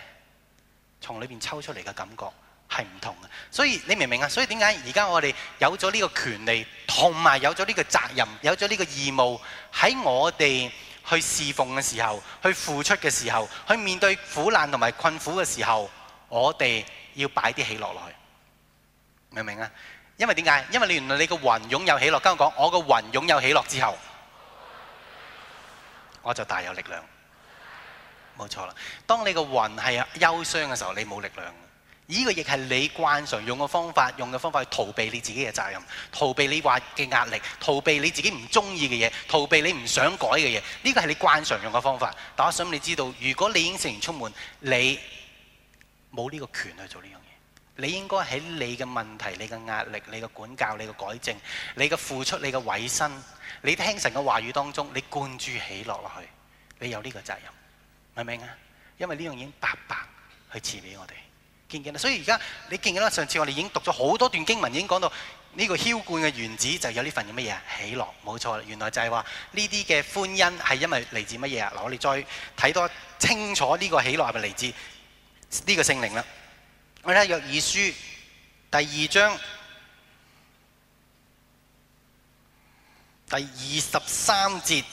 從裏邊抽出嚟嘅感覺係唔同嘅。所以你明唔明啊？所以點解而家我哋有咗呢個權利，同埋有咗呢個責任，有咗呢個義務喺我哋。去侍奉嘅時候，去付出嘅時候，去面對苦難同埋困苦嘅時候，我哋要擺啲喜樂落去，明唔明啊？因為點解？因為你原來你個魂擁有喜樂，跟我講，我個魂擁有喜樂之後，我就大有力量。冇錯啦，當你個魂係憂傷嘅時候，你冇力量。呢個亦係你慣常用嘅方法，用嘅方法去逃避你自己嘅責任，逃避你話嘅壓力，逃避你自己唔中意嘅嘢，逃避你唔想改嘅嘢。呢個係你慣常用嘅方法。但我想你知道，如果你已經聖靈充滿，你冇呢個權去做呢樣嘢。你應該喺你嘅問題、你嘅壓力、你嘅管教、你嘅改正、你嘅付出、你嘅委身，你的聽神嘅話語當中，你灌注喜樂落去，你有呢個責任，明唔明啊？因為呢樣已經白白去賜俾我哋。見見啦，所以而家你見到啦，上次我哋已經讀咗好多段經文，已經講到呢個轎冠嘅原子就有呢份乜嘢喜樂，冇錯啦。原來就係話呢啲嘅歡欣係因為嚟自乜嘢啊？嗱，我哋再睇多清楚呢個喜樂係咪嚟自呢個聖靈啦。我睇下約珥書第二章第二十三節，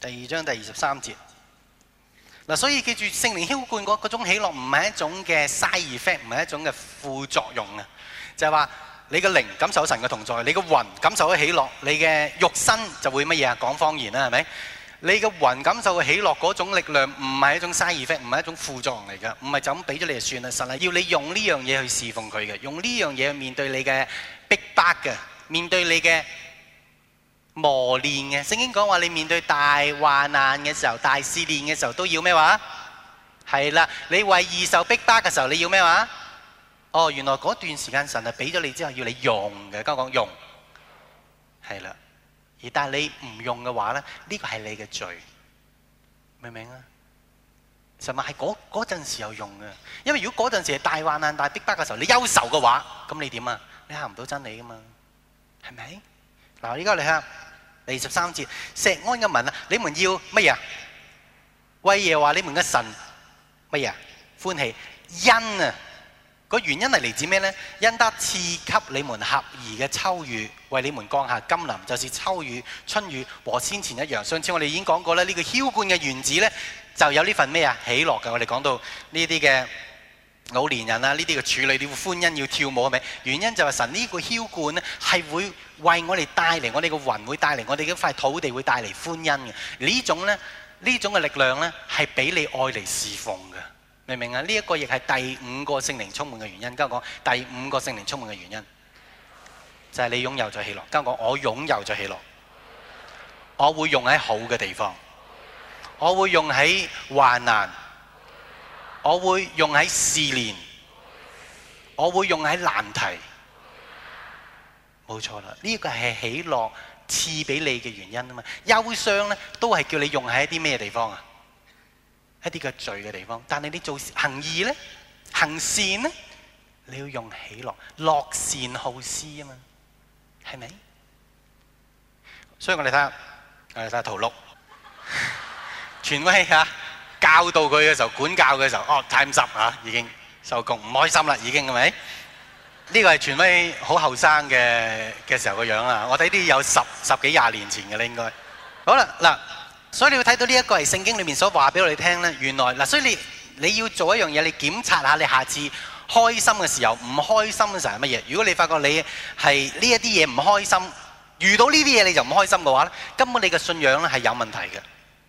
第二章第二十三節。嗱，所以記住聖靈澆灌嗰嗰種喜樂唔係一種嘅 side effect，唔係一種嘅副作用啊！就係話你嘅靈感受神嘅同在，你嘅魂感受咗喜樂，你嘅肉身就會乜嘢啊？講方言啦，係咪？你嘅魂感受咗喜樂嗰種力量，唔係一種 side effect，唔係一種副作用嚟㗎，唔係就咁俾咗你就算啦。神係要你用呢樣嘢去侍奉佢嘅，用呢樣嘢去面對你嘅逼迫嘅，面對你嘅。磨練嘅聖經講話，你面對大患難嘅時候、大試煉嘅時候都要咩話？係啦，你為義受逼迫嘅時候，你要咩話？哦，原來嗰段時間神係俾咗你之後，要你用嘅。剛剛講用，係啦。而但係你唔用嘅話咧，呢個係你嘅罪，明唔明啊？神話係嗰嗰陣時有用嘅，因為如果嗰陣時係大患難、大逼迫嘅時候，你憂愁嘅話，咁你點啊？你行唔到真理㗎嘛？係咪？嗱，依家你睇第十三節，石安嘅文啊，你們要乜嘢？威耶話：你們嘅神乜嘢歡喜？因啊，個原因係嚟自咩呢？因得賜給你們合宜嘅秋雨，為你們降下甘霖，就是秋雨、春雨和先前一樣。上次我哋已經講過啦，呢、這個僥冠嘅原子呢，就有呢份咩啊喜樂嘅。我哋講到呢啲嘅。老年人啊，呢啲嘅處女要歡欣，要跳舞係咪？原因就係神呢個澆灌咧，係會為我哋帶嚟我哋嘅魂，會帶嚟我哋一塊土地，會帶嚟歡欣嘅。呢種呢這種嘅力量呢，係俾你愛嚟侍奉嘅，明唔明啊？呢、這、一個亦係第五個聖靈充滿嘅原因。跟我講第五個聖靈充滿嘅原因，就係、是、你擁有咗喜樂。跟我講我擁有咗喜樂，我會用喺好嘅地方，我會用喺患難。我會用喺試煉，我會用喺難題，冇錯啦。呢個係喜樂賜俾你嘅原因啊嘛。憂傷咧，都係叫你用喺一啲咩地方啊？一啲嘅罪嘅地方。但係你做行義咧，行善咧，你要用喜樂，樂善好施啊嘛，係咪？所以我哋睇下，我哋睇下圖六， 全威哈。啊教到佢嘅時候，管教嘅時候，哦，太唔執嚇，已經受控，唔開心啦，已經係咪？呢個係傳威好後生嘅嘅時候個樣啊！我睇啲有十十幾廿年前嘅啦，你應該好啦嗱。所以你要睇到呢一個係聖經裡面所話俾我哋聽咧，原來嗱，所以你你要做一樣嘢，你檢查下你下次開心嘅時候，唔開心嘅時候係乜嘢？如果你發覺你係呢一啲嘢唔開心，遇到呢啲嘢你就唔開心嘅話咧，根本你嘅信仰咧係有問題嘅。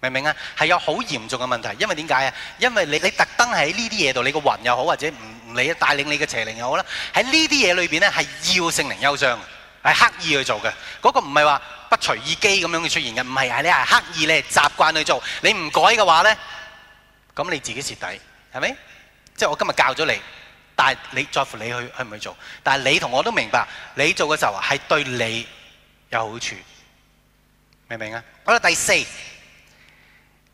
明唔明啊？係有好嚴重嘅問題，因為點解啊？因為你你特登喺呢啲嘢度，你個魂又好，或者唔理帶領你嘅邪靈又好啦，喺呢啲嘢裏邊咧係要聖靈憂傷，係刻意去做嘅。嗰個唔係話不隨意機咁樣去出現嘅，唔係啊！你係刻意，你係習慣去做。你唔改嘅話咧，咁你自己蝕底，係咪？即係我今日教咗你，但係你在乎你去去唔去做。但係你同我都明白，你做嘅時候係對你有好處，明唔明啊？好啦，第四。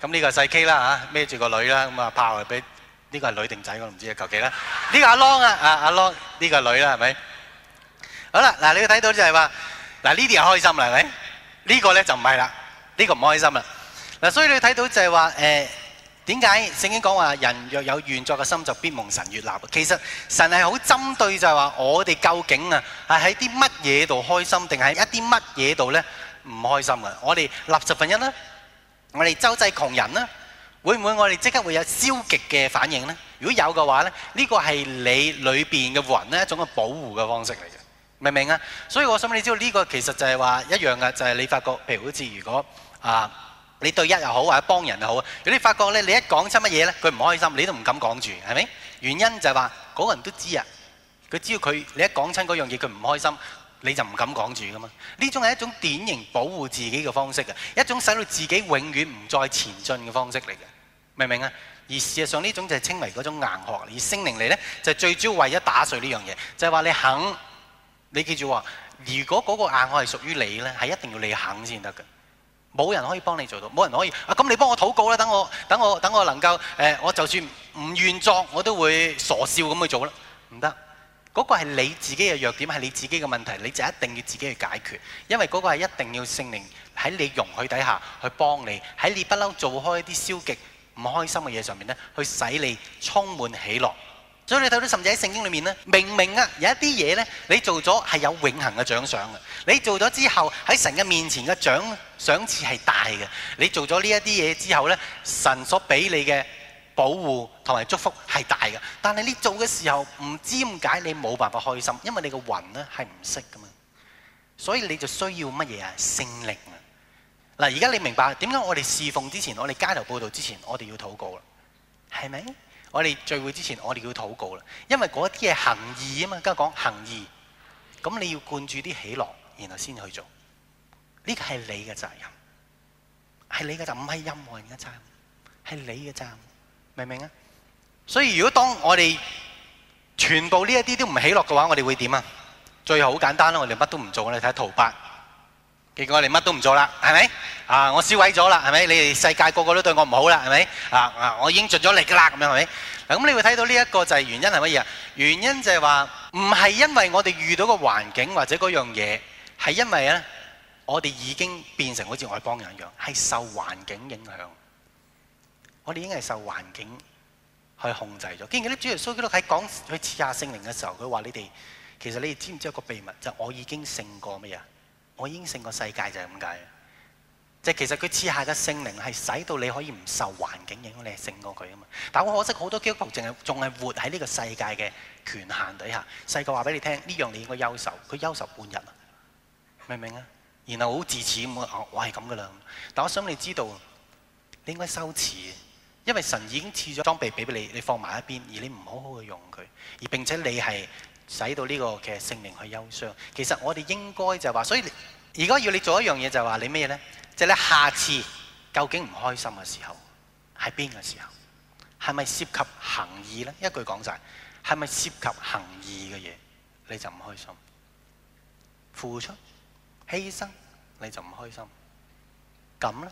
咁呢個細 K 啦嚇，孭住個女啦，咁啊拋佢俾呢個係女定仔我都唔知啊，求其啦。呢個阿 Long 啊，阿阿 Long 呢個女啦，係咪？好啦，嗱你要睇到就係話，嗱呢啲係開心啦，係咪？呢個咧就唔係啦，呢個唔開心啦。嗱所以你睇到就係話，誒點解聖經講話人若有願作嘅心，就必蒙神悅納？其實神係好針對就係話，我哋究竟啊係喺啲乜嘢度開心，定係一啲乜嘢度咧唔開心啊？我哋立十份一啦。我哋周濟窮人啦，會唔會我哋即刻會有消極嘅反應呢？如果有嘅話呢，呢、這個係你裏邊嘅魂咧一種嘅保護嘅方式嚟嘅，明唔明啊？所以我想你知道呢個其實就係話一樣嘅，就係、是、你發覺譬如好似如果啊你對人又好或者幫人又好，如果你發覺咧你一講親乜嘢呢，佢唔開心，你都唔敢講住，係咪？原因就係話嗰人都知啊，佢只要佢你一講親嗰樣嘢佢唔開心。你就唔敢講住噶嘛？呢種係一種典型保護自己嘅方式嘅，一種使到自己永遠唔再前進嘅方式嚟嘅，明唔明啊？而事實上呢種就係稱為嗰種硬殼，而聖靈嚟呢，就係、最主要為咗打碎呢樣嘢，就係、係、話你肯，你記住話，如果嗰個硬殼係屬於你呢，係一定要你肯先得㗎。冇人可以幫你做到，冇人可以啊！咁你幫我禱告啦，等我等我等我能夠、呃、我就算唔願作，我都會傻笑咁去做啦，唔得。嗰個係你自己嘅弱點，係你自己嘅問題，你就一定要自己去解決，因為嗰個係一定要聖靈喺你容許底下去幫你，喺你不嬲做開一啲消極唔開心嘅嘢上面咧，去使你充滿喜樂。所以你睇到甚至喺聖經裏面咧，明明啊有一啲嘢咧，你做咗係有永恆嘅獎賞嘅，你做咗之後喺神嘅面前嘅獎賞次係大嘅，你做咗呢一啲嘢之後咧，神所俾你嘅。保護同埋祝福係大嘅，但係你做嘅時候唔知點解，你冇辦法開心，因為你個魂咧係唔識噶嘛，所以你就需要乜嘢啊？聖靈啊！嗱，而家你明白點解我哋侍奉之前，我哋街頭報道之前，我哋要禱告啦，係咪嗎？我哋聚會之前，我哋要禱告啦，因為嗰啲係行義啊嘛，梗係講行義，咁你要灌注啲喜樂，然後先去做，呢個係你嘅責任，係你嘅責任，唔係任何人嘅責任，係你嘅責任。明唔明啊？所以如果當我哋全部呢一啲都唔起落嘅話，我哋會點啊？最後好簡單咯，我哋乜都唔做，我哋睇下圖八，結果我哋乜都唔做啦，係咪？啊，我燒毀咗啦，係咪？你哋世界個個都對我唔好啦，係咪？啊啊，我已經盡咗力噶啦，咁樣係咪？嗱，咁你會睇到呢一個就係原因係乜嘢啊？原因就係話唔係因為我哋遇到個環境或者嗰樣嘢，係因為咧我哋已經變成好似外邦人一樣，係受環境影響。我哋已經係受環境去控制咗。既然嗰主耶穌基督喺講去賜下聖靈嘅時候，佢話你哋其實你哋知唔知道一個秘密？就是、我已經勝過咩啊？我已經勝過世界就係咁解。即、就是、其實佢賜下嘅聖靈係使到你可以唔受環境影響，因為你係勝過佢。但我可惜好多基督徒還係仲係活喺呢個世界嘅權限底下。世界話俾你聽，呢樣你應該優秀。佢優秀半日，明唔明啊？然後好自私。我是係、哦、樣的。但我想你知道，你應該羞恥。因為神已經賜咗裝備俾你，你放埋一邊，而你唔好好去用佢，而並且你係使到呢個嘅聖靈去憂傷。其實我哋應該就話，所以如果要你做一樣嘢，就話你咩呢？就係你下次究竟唔開心嘅時候係邊個時候？係咪涉及行義呢？一句講晒，係咪涉及行義嘅嘢你就唔開心？付出犧牲你就唔開心？咁咧？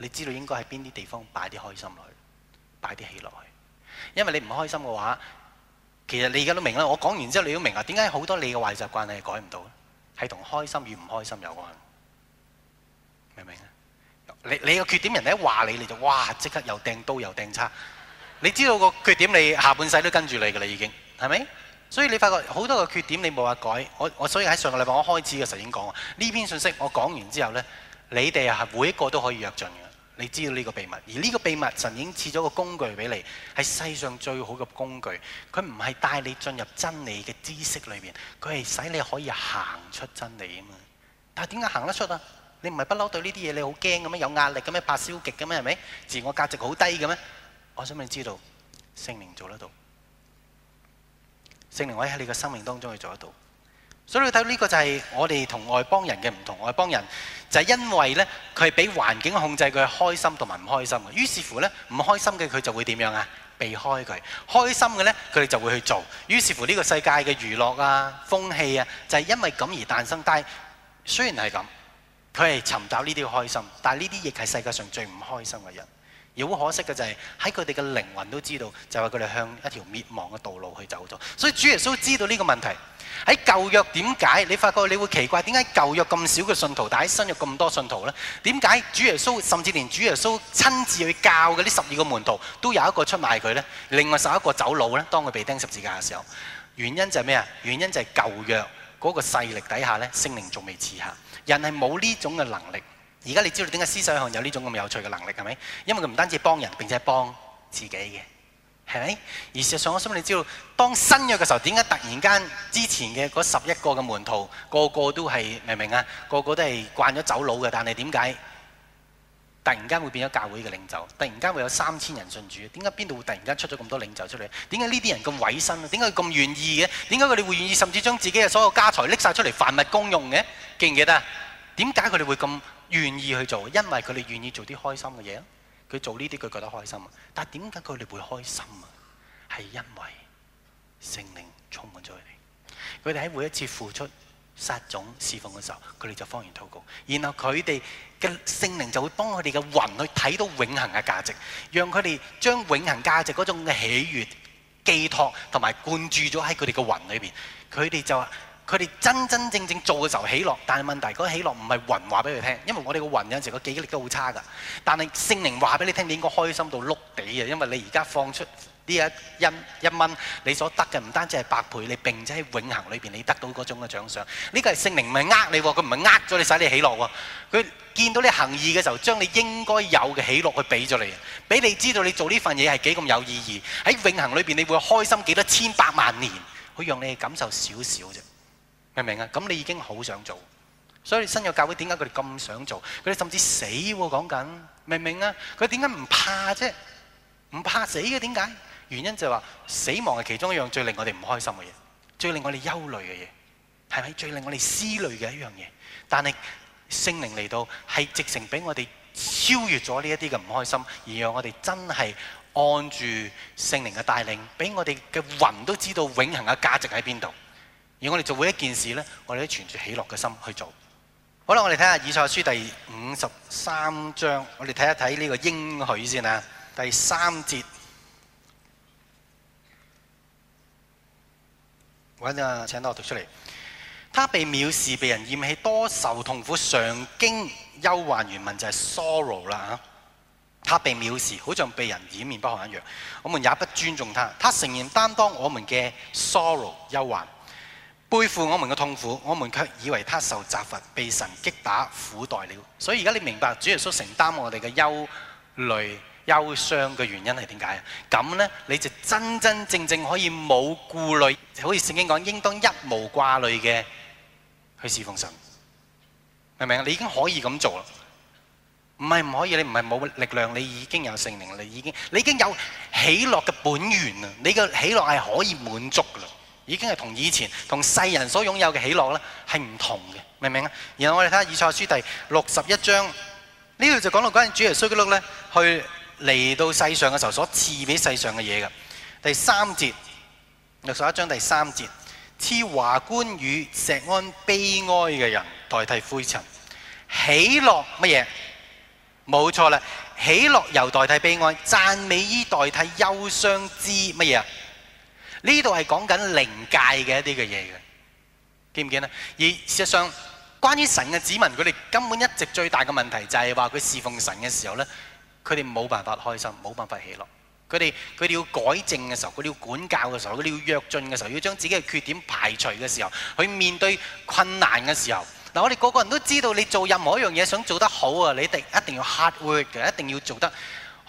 你知道應該喺邊啲地方擺啲開心落去，擺啲氣落去，因為你唔開心嘅話，其實你而家都明啦。我講完之後，你都明啊。點解好多你嘅壞習慣你係改唔到咧？係同開心與唔開心有關，明唔明啊？你你個缺點，人哋一話你，你就哇，即刻又掟刀又掟叉。你知道個缺點，你下半世都跟住你㗎喇，已經係咪？所以你發覺好多個缺點，你冇話改。我我所以喺上個禮拜我開始嘅時候已經講啊，呢篇信息我講完之後咧，你哋係每一個都可以約盡你知道呢個秘密，而呢個秘密神已經賜咗個工具俾你，係世上最好嘅工具。佢唔係帶你進入真理嘅知識裏面，佢係使你可以行出真理啊嘛。但係點解行得出啊？你唔係不嬲對呢啲嘢你好驚咁樣，有壓力咁樣，怕消極咁樣，係咪自我價值好低嘅咩？我想問你知道，聖靈做得到，聖靈可以喺你嘅生命當中去做得到。所以你睇到呢個就係我哋同外邦人嘅唔同，外邦人就係因為呢，佢係俾環境控制佢開心同埋唔開心嘅，於是乎呢，唔開心嘅佢就會點樣啊？避開佢，開心嘅呢，佢哋就會去做。於是乎呢個世界嘅娛樂啊、風氣啊，就係因為咁而誕生。但係雖然係咁，佢係尋找呢啲開心，但係呢啲亦係世界上最唔開心嘅人。又好可惜嘅就係喺佢哋嘅靈魂都知道，就係佢哋向一條滅亡嘅道路去走咗。所以主耶穌知道呢個問題喺舊約點解？你發覺你會奇怪點解舊約咁少嘅信徒，但係新約咁多信徒呢？點解主耶穌甚至連主耶穌親自去教嘅呢十二個門徒，都有一個出賣佢呢？另外十一個走佬呢，當佢被釘十字架嘅時候，原因就係咩啊？原因就係舊約嗰個勢力底下呢，聖靈仲未賜下，人係冇呢種嘅能力。而家你知道點解思想上有呢種咁有趣嘅能力係咪？因為佢唔單止幫人，並且幫自己嘅，係咪？而事實上，我想問你知道，當新約嘅時候，點解突然間之前嘅嗰十一個嘅門徒個個都係明唔明啊？個個都係慣咗走佬嘅，但係點解突然間會變咗教會嘅領袖？突然間會有三千人信主，點解邊度會突然間出咗咁多領袖出嚟？點解呢啲人咁委身？點解咁願意嘅？點解佢哋會願意甚至將自己嘅所有家財拎晒出嚟，凡物公用嘅？記唔記得啊？點解佢哋會咁願意去做？因為佢哋願意做啲開心嘅嘢啊！佢做呢啲佢覺得開心。但係點解佢哋會開心啊？係因為聖靈充滿咗佢哋。佢哋喺每一次付出、撒種、侍奉嘅時候，佢哋就方言禱告。然後佢哋嘅聖靈就會幫佢哋嘅魂去睇到永恆嘅價值，讓佢哋將永恆價值嗰種嘅喜悅、寄託同埋灌注咗喺佢哋嘅魂裏邊。佢哋就。佢哋真真正正做嘅時候，喜樂，但係問題嗰喜樂唔係魂話俾佢聽，因為我哋個魂有時個記憶力都好差㗎。但係聖靈話俾你聽，你應該開心到碌地啊！因為你而家放出呢一一一蚊，你所得嘅唔單止係百倍，你並且喺永恆裏邊你得到嗰種嘅獎賞。呢個係聖靈，唔係呃你喎，佢唔係呃咗你使你喜樂喎。佢見到你行義嘅時候，將你應該有嘅喜樂去俾咗你，俾你知道你做呢份嘢係幾咁有意義。喺永恆裏邊，你會開心幾多千百萬年，佢讓你感受少少啫。明唔明啊？咁你已經好想，想做，所以新約教會點解佢哋咁想做？佢哋甚至死喎講緊，明唔明啊？佢點解唔怕啫？唔怕死嘅點解？原因就係話死亡係其中一樣最令我哋唔開心嘅嘢，最令我哋憂慮嘅嘢，係咪最令我哋思慮嘅一樣嘢？但係聖靈嚟到係直情俾我哋超越咗呢一啲嘅唔開心，而讓我哋真係按住聖靈嘅帶領，俾我哋嘅魂都知道永恆嘅價值喺邊度。而我哋做每一件事呢，我哋都存住喜樂嘅心去做。好啦，我哋睇下以賽書第五十三章，我哋睇一睇呢個應許先啊。第三節，或者請阿請讀出嚟。他被藐視，被人厭棄，多受痛苦，常經憂患。原文就係、是、sorrow 啦啊。他被藐視，好像被人掩面不看一樣。我們也不尊重他。他承認擔當我們嘅 sorrow 憂患。背負我們嘅痛苦，我們卻以為他受責罰、被神擊打、苦待了。所以而家你明白，主耶穌承擔我哋嘅憂慮、憂傷嘅原因係點解啊？咁呢，你就真真正正可以冇顧慮，好似聖經講，應當一無掛慮嘅去侍奉神，明唔明啊？你已經可以咁做啦，唔係唔可以，你唔係冇力量，你已經有聖靈，你已經你已經有喜樂嘅本源啊！你嘅喜樂係可以滿足噶啦。已經係同以前、同世人所擁有嘅喜樂呢，係唔同嘅，明唔明啊？然後我哋睇下以賽書第六十一章，這講書書呢度就講到嗰陣主耶穌基督咧，去嚟到世上嘅時候所賜俾世上嘅嘢嘅第三節，六十一章第三節，賜華冠與錫安悲哀嘅人代替灰塵，喜樂乜嘢？冇錯啦，喜樂油代替悲哀，讚美衣代替憂傷之乜嘢啊？呢度係講緊靈界嘅一啲嘅嘢嘅，記唔記得？而事實上，關於神嘅子民，佢哋根本一直最大嘅問題就係話佢侍奉神嘅時候呢，佢哋冇辦法開心，冇辦法喜樂；佢哋佢哋要改正嘅時候，佢哋要管教嘅時候，佢哋要躍進嘅時候，要將自己嘅缺點排除嘅時候，去面對困難嘅時候，嗱我哋個個人都知道，你做任何一樣嘢想做得好啊，你哋一定要 hard work 嘅，一定要做得。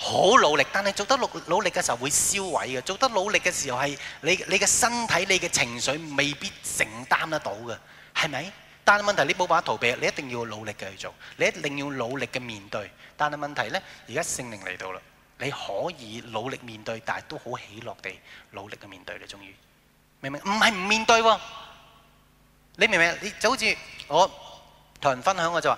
好努力，但係做得努努力嘅時候會燒毀嘅。做得努力嘅時候係你你嘅身體、你嘅情緒未必承擔得到嘅，係咪？但係問題你冇辦法逃避，你一定要努力嘅去做，你一定要努力嘅面對。但係問題呢，而家聖靈嚟到啦，你可以努力面對，但係都好喜樂地努力嘅面對你，終於明唔明？唔係唔面對喎，你明唔明啊？你就好似我同人分享我就話。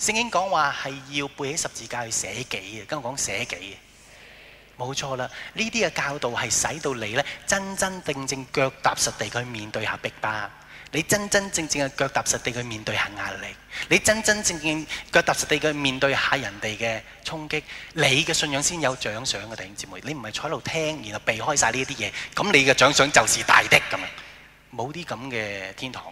聖經講話係要背起十字架去捨己嘅，跟我講捨己嘅，冇錯啦。呢啲嘅教導係使到你咧真真正正腳踏實地去面對下逼迫，你真真正正嘅腳踏實地去面對下壓力，你真真正正腳踏實地去面對下人哋嘅衝擊，你嘅信仰先有獎賞嘅，弟兄姊妹。你唔係坐喺度聽，然後避開晒呢啲嘢，咁你嘅獎賞就是大的咁啦，冇啲咁嘅天堂。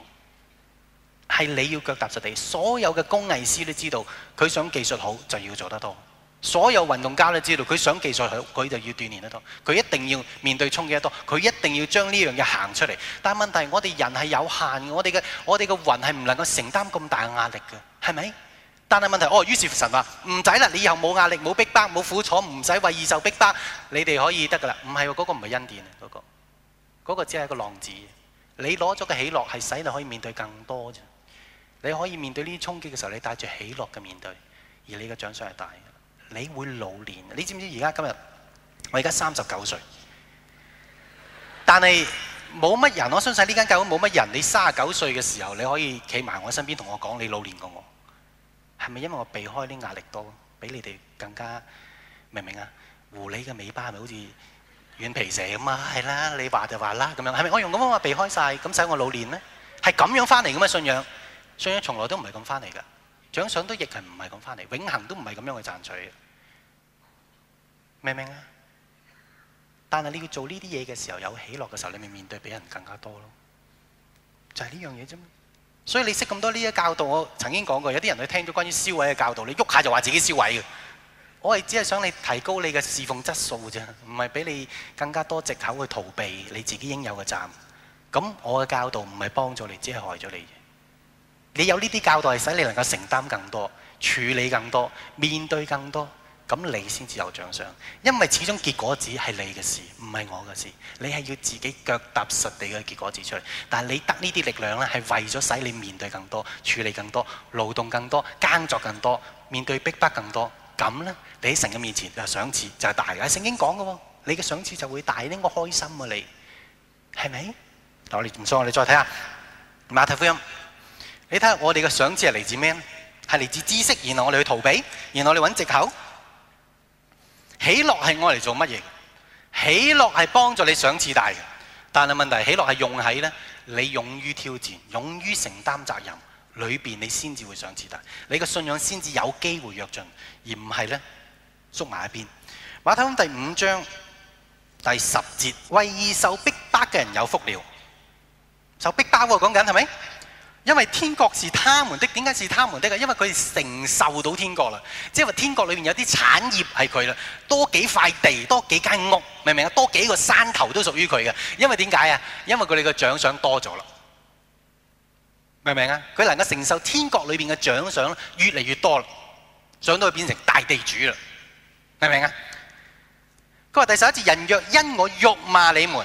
係你要腳踏實地，所有嘅工藝師都知道佢想技術好就要做得多；所有運動家都知道佢想技術好佢就要鍛鍊得多，佢一定要面對衝擊得多，佢一定要將呢樣嘢行出嚟。但係問題，我哋人係有限嘅，我哋嘅我哋嘅魂係唔能夠承擔咁大嘅壓力嘅，係咪？但係問題，哦，於是乎神話：「唔使啦，你以後冇壓力、冇逼迫，冇苦楚，唔使為義受逼迫。」你哋可以得噶啦。唔係喎，嗰個唔係恩典啊，嗰個嗰個只係一個浪子。你攞咗嘅喜樂係使你可以面對更多啫。你可以面對呢啲衝擊嘅時候，你帶住喜樂嘅面對，而你嘅長相係大，你會老練。你知唔知而家今日我而家三十九歲，但係冇乜人，我相信呢間教會冇乜人。你三十九歲嘅時候，你可以企埋我身邊同我講你老練過我，係咪因為我避開啲壓力多，比你哋更加明唔明啊？狐狸嘅尾巴係咪好似軟皮蛇咁嘛？係啦，你話就話啦，咁樣係咪我用咁嘅方法避開晒？咁使我老練咧？係咁樣翻嚟咁嘅信仰。所以從來都唔係咁翻嚟㗎，獎賞都亦係唔係咁翻嚟，永恆都唔係咁樣去賺取的，明唔明啊？但係你要做呢啲嘢嘅時候，有喜樂嘅時候，你咪面對比人更加多咯。就係、是、呢樣嘢啫。所以你識咁多呢啲教導，我曾經講過，有啲人去聽咗關於消毀嘅教導，你喐下就話自己消毀嘅。我係只係想你提高你嘅侍奉質素啫，唔係俾你更加多藉口去逃避你自己應有嘅責任。咁我嘅教導唔係幫助你，只係害咗你。你有呢啲教導，使你能夠承擔更多、處理更多、面對更多，咁你先至有獎賞。因為始終結果子係你嘅事，唔係我嘅事。你係要自己腳踏實地嘅結果子出嚟。但係你得呢啲力量咧，係為咗使你面對更多、處理更多、勞動更多、耕作更多、面對逼迫，迫，迫更多，咁咧你喺神嘅面前就賞賜就大嘅。聖經講嘅你嘅賞賜就會大咧。我開心啊，你係咪？我哋唔錯，我哋再睇下馬太福音。你睇下我哋嘅賞賜係嚟自咩？係嚟自知識，然後我哋去逃避，然後我哋揾藉口。喜樂係用嚟做乜嘢？喜樂係幫助你賞賜大嘅，但係問題喜樂係用喺咧，你勇於挑戰，勇於承擔責任，裏面你。你先至會賞賜大，你嘅信仰先至有機會躍進，而唔係咧縮埋一邊。馬太福音第五章第十節，為義受逼迫嘅人有福了，受逼迫，我講緊係咪？對因為天國是他們的。點解是他們的？因為佢哋承受到天國啦，即係話天國裏面有啲產業係佢啦，多幾塊地，多幾間屋，明唔明啊？多幾個山頭都屬於佢嘅，因為點解啊？因為佢哋嘅獎賞多咗啦，明唔明啊？佢能夠承受天國裏面嘅獎賞，越嚟越多啦，上到去變成大地主啦，明唔明啊？佢話第十一次，人若因我辱罵你們。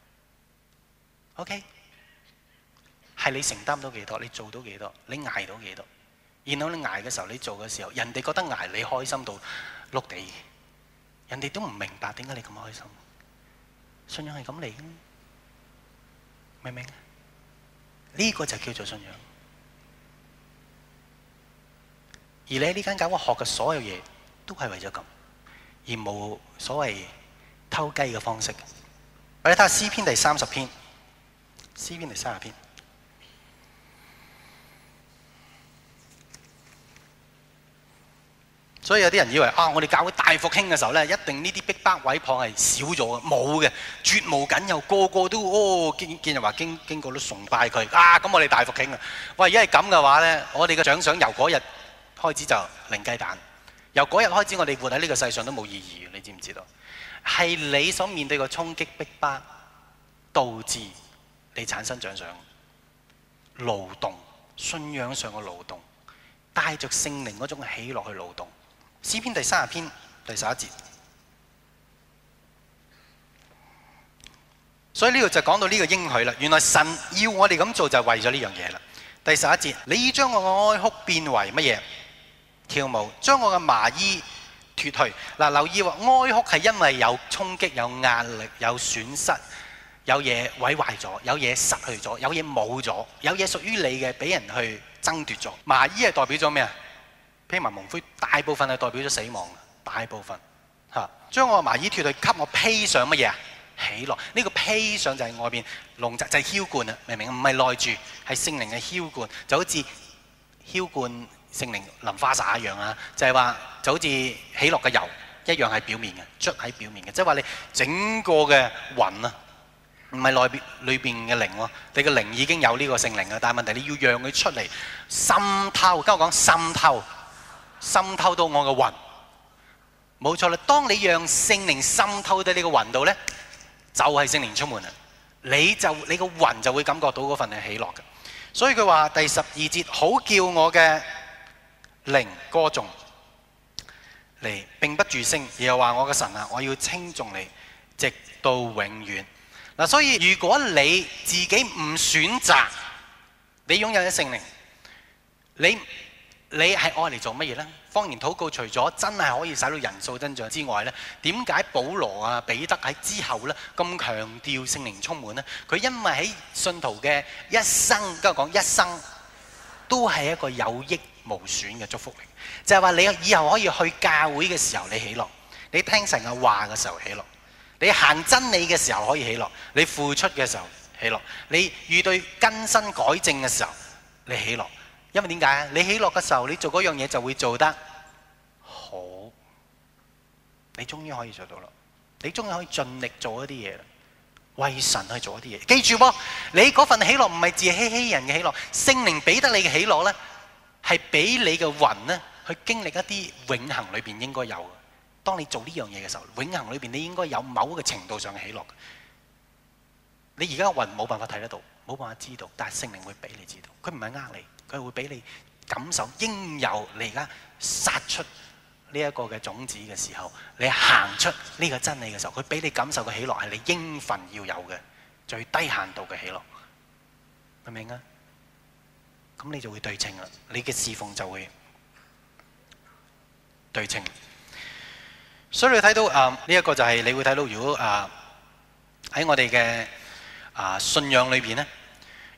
OK，係你承擔到幾多，你做到幾多，你挨到幾多，然後 you know，你挨嘅時候，你做嘅時候，人哋覺得挨你開心到碌地，人哋都唔明白點解你咁開心，信仰係咁嚟嘅，明唔明？呢個就叫做信仰，而你喺呢間教會學嘅所有嘢，都係為咗咁，而冇所謂偷雞嘅方式。我哋睇下詩篇第三十篇。詩篇第四十篇，所以有啲人以為啊，我哋教會大復興嘅時候咧，一定呢啲逼迫、委譜係少咗嘅，冇嘅，絕無僅有，個個都哦見見人話經經過都崇拜佢啊！咁我哋大復興啊！喂，如果係咁嘅話咧，我哋嘅獎賞由嗰日開始就零雞蛋，由嗰日開始我哋活喺呢個世上都冇意義嘅，你知唔知道？係你所面對嘅衝擊逼迫導致。你產生獎賞，勞動、信仰上嘅勞動，帶著聖靈嗰種喜樂去勞動。詩篇第三十篇第十一節，所以呢度就講到呢個應許啦。原來神要我哋咁做就係為咗呢樣嘢啦。第十一節，你將我嘅哀哭變為乜嘢？跳舞，將我嘅麻衣脱去。嗱，留意喎，哀哭係因為有衝擊、有壓力、有損失。有嘢毀壞咗，有嘢失去咗，有嘢冇咗，有嘢屬於你嘅俾人去爭奪咗。麻衣係代表咗咩啊？披麻蒙灰，大部分係代表咗死亡，大部分嚇。將我麻衣脱去，給我披上乜嘢啊？喜樂。呢、這個披上就係外邊籠罩就係澆灌啊，明唔明？唔係內住，係聖靈嘅澆灌，就好似澆灌聖靈淋花灑一樣啊。就係、是、話，就好似喜樂嘅油一樣，係表面嘅，出喺表面嘅，即係話你整個嘅雲啊。唔係內邊裏邊嘅靈喎，你嘅靈已經有呢個聖靈啊，但係問題你要讓佢出嚟滲透，跟我講滲透，滲透到我嘅魂。冇錯啦，當你讓聖靈滲透到呢個魂度呢，就係、是、聖靈出門啦，你就你個魂就會感覺到嗰份嘅喜樂嘅。所以佢話第十二節，好叫我嘅靈歌頌，嚟並不住聲，又話我嘅神啊，我要稱重你，直到永遠。嗱，所以如果你自己唔選擇你擁有嘅聖靈，你你係愛嚟做乜嘢咧？方言禱告除咗真係可以使到人數增長之外咧，點解保羅啊、彼得喺之後咧咁強調聖靈充滿咧？佢因為喺信徒嘅一生，今日講一生都係一個有益無損嘅祝福嚟，就係話你以後可以去教會嘅時候你喜樂，你聽神嘅話嘅時候喜樂，你行真理嘅時候可以喜樂，你付出嘅時候喜樂，你遇到更新改正嘅時候，你喜樂。因為點解啊？你喜樂嘅時候，你做嗰樣嘢就會做得好，你終於可以做到啦。你終於可以盡力做一啲嘢啦，為神去做一啲嘢。記住，你嗰份喜樂唔係自欺欺人嘅喜樂，聖靈俾得你嘅喜樂呢，係俾你嘅魂呢，去經歷一啲永恆裏面應該有的當你做呢樣嘢嘅時候，永恆裏邊你應該有某一個程度上嘅喜樂。你而家還冇辦法睇得到，冇辦法知道，但係聖靈會俾你知道。佢唔係呃你，佢會俾你感受應有。你而家撒出呢一個嘅種子嘅時候，你行出呢個真理嘅時候，佢俾你感受嘅喜樂係你應份要有嘅最低限度嘅喜樂。明唔明啊？咁你就會對稱啦，你嘅侍奉就會對稱。所以你睇到啊，呢，嗯，一個就係你會睇到，如果啊喺我哋嘅啊信仰裏邊咧，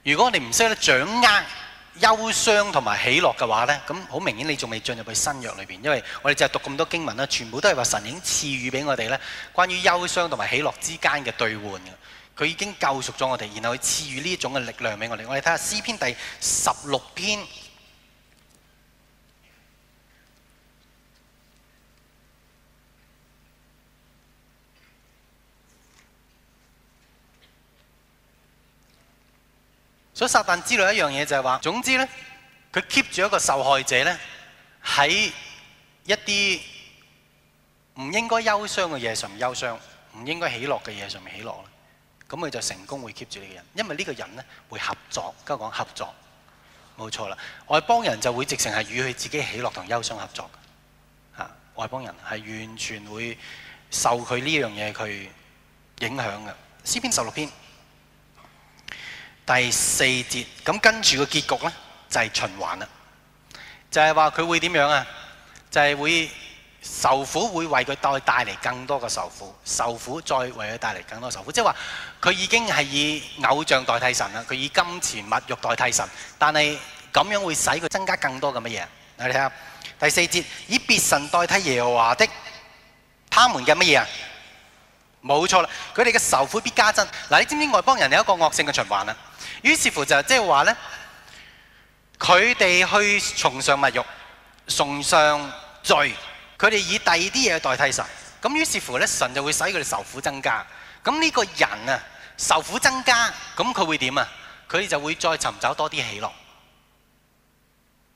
如果我哋唔識得掌握憂傷同埋喜樂嘅話咧，咁好明顯你仲未進入去新約裏邊，因為我哋就係讀咁多經文啦，全部都係話神已經賜予俾我哋咧，關於憂傷同埋喜樂之間嘅對換，佢已經救贖咗我哋，然後佢賜予呢一種嘅力量俾我哋。我哋睇下詩篇第十六篇。咁撒但知道一樣嘢就係話，總之呢，佢 keep 住一個受害者呢，喺一啲唔應該憂傷嘅嘢上面憂傷，唔應該喜樂嘅嘢上面喜樂咧，咁佢就成功會 keep 住呢個人，因為呢個人呢會合作。今日講合作，冇錯啦，外邦人就會直情係與佢自己喜樂同憂傷合作。嚇，外邦人係完全會受佢呢樣嘢佢影響嘅。詩篇十六篇。第四節咁跟住個結局呢，就係循環啦，就係話佢會點樣啊？就係會受苦，會為佢帶帶嚟更多嘅受苦，受苦再為佢帶嚟更多受苦，即係話佢已經係以偶像代替神啦，佢以金錢物欲代替神，但係咁樣會使佢增加更多嘅乜嘢？嗱，你睇下第四節，以別神代替耶和華的，他們嘅乜嘢啊？冇錯啦，佢哋嘅受苦必加增。嗱，你知唔知外邦人有一個惡性嘅循環啊？於是乎就即係話呢，佢哋去崇尚物欲，崇尚罪，佢哋以第二啲嘢代替神。咁於是乎呢神就會使佢哋受苦增加。咁呢個人啊，受苦增加，咁佢會點啊？佢就會再尋找多啲喜樂。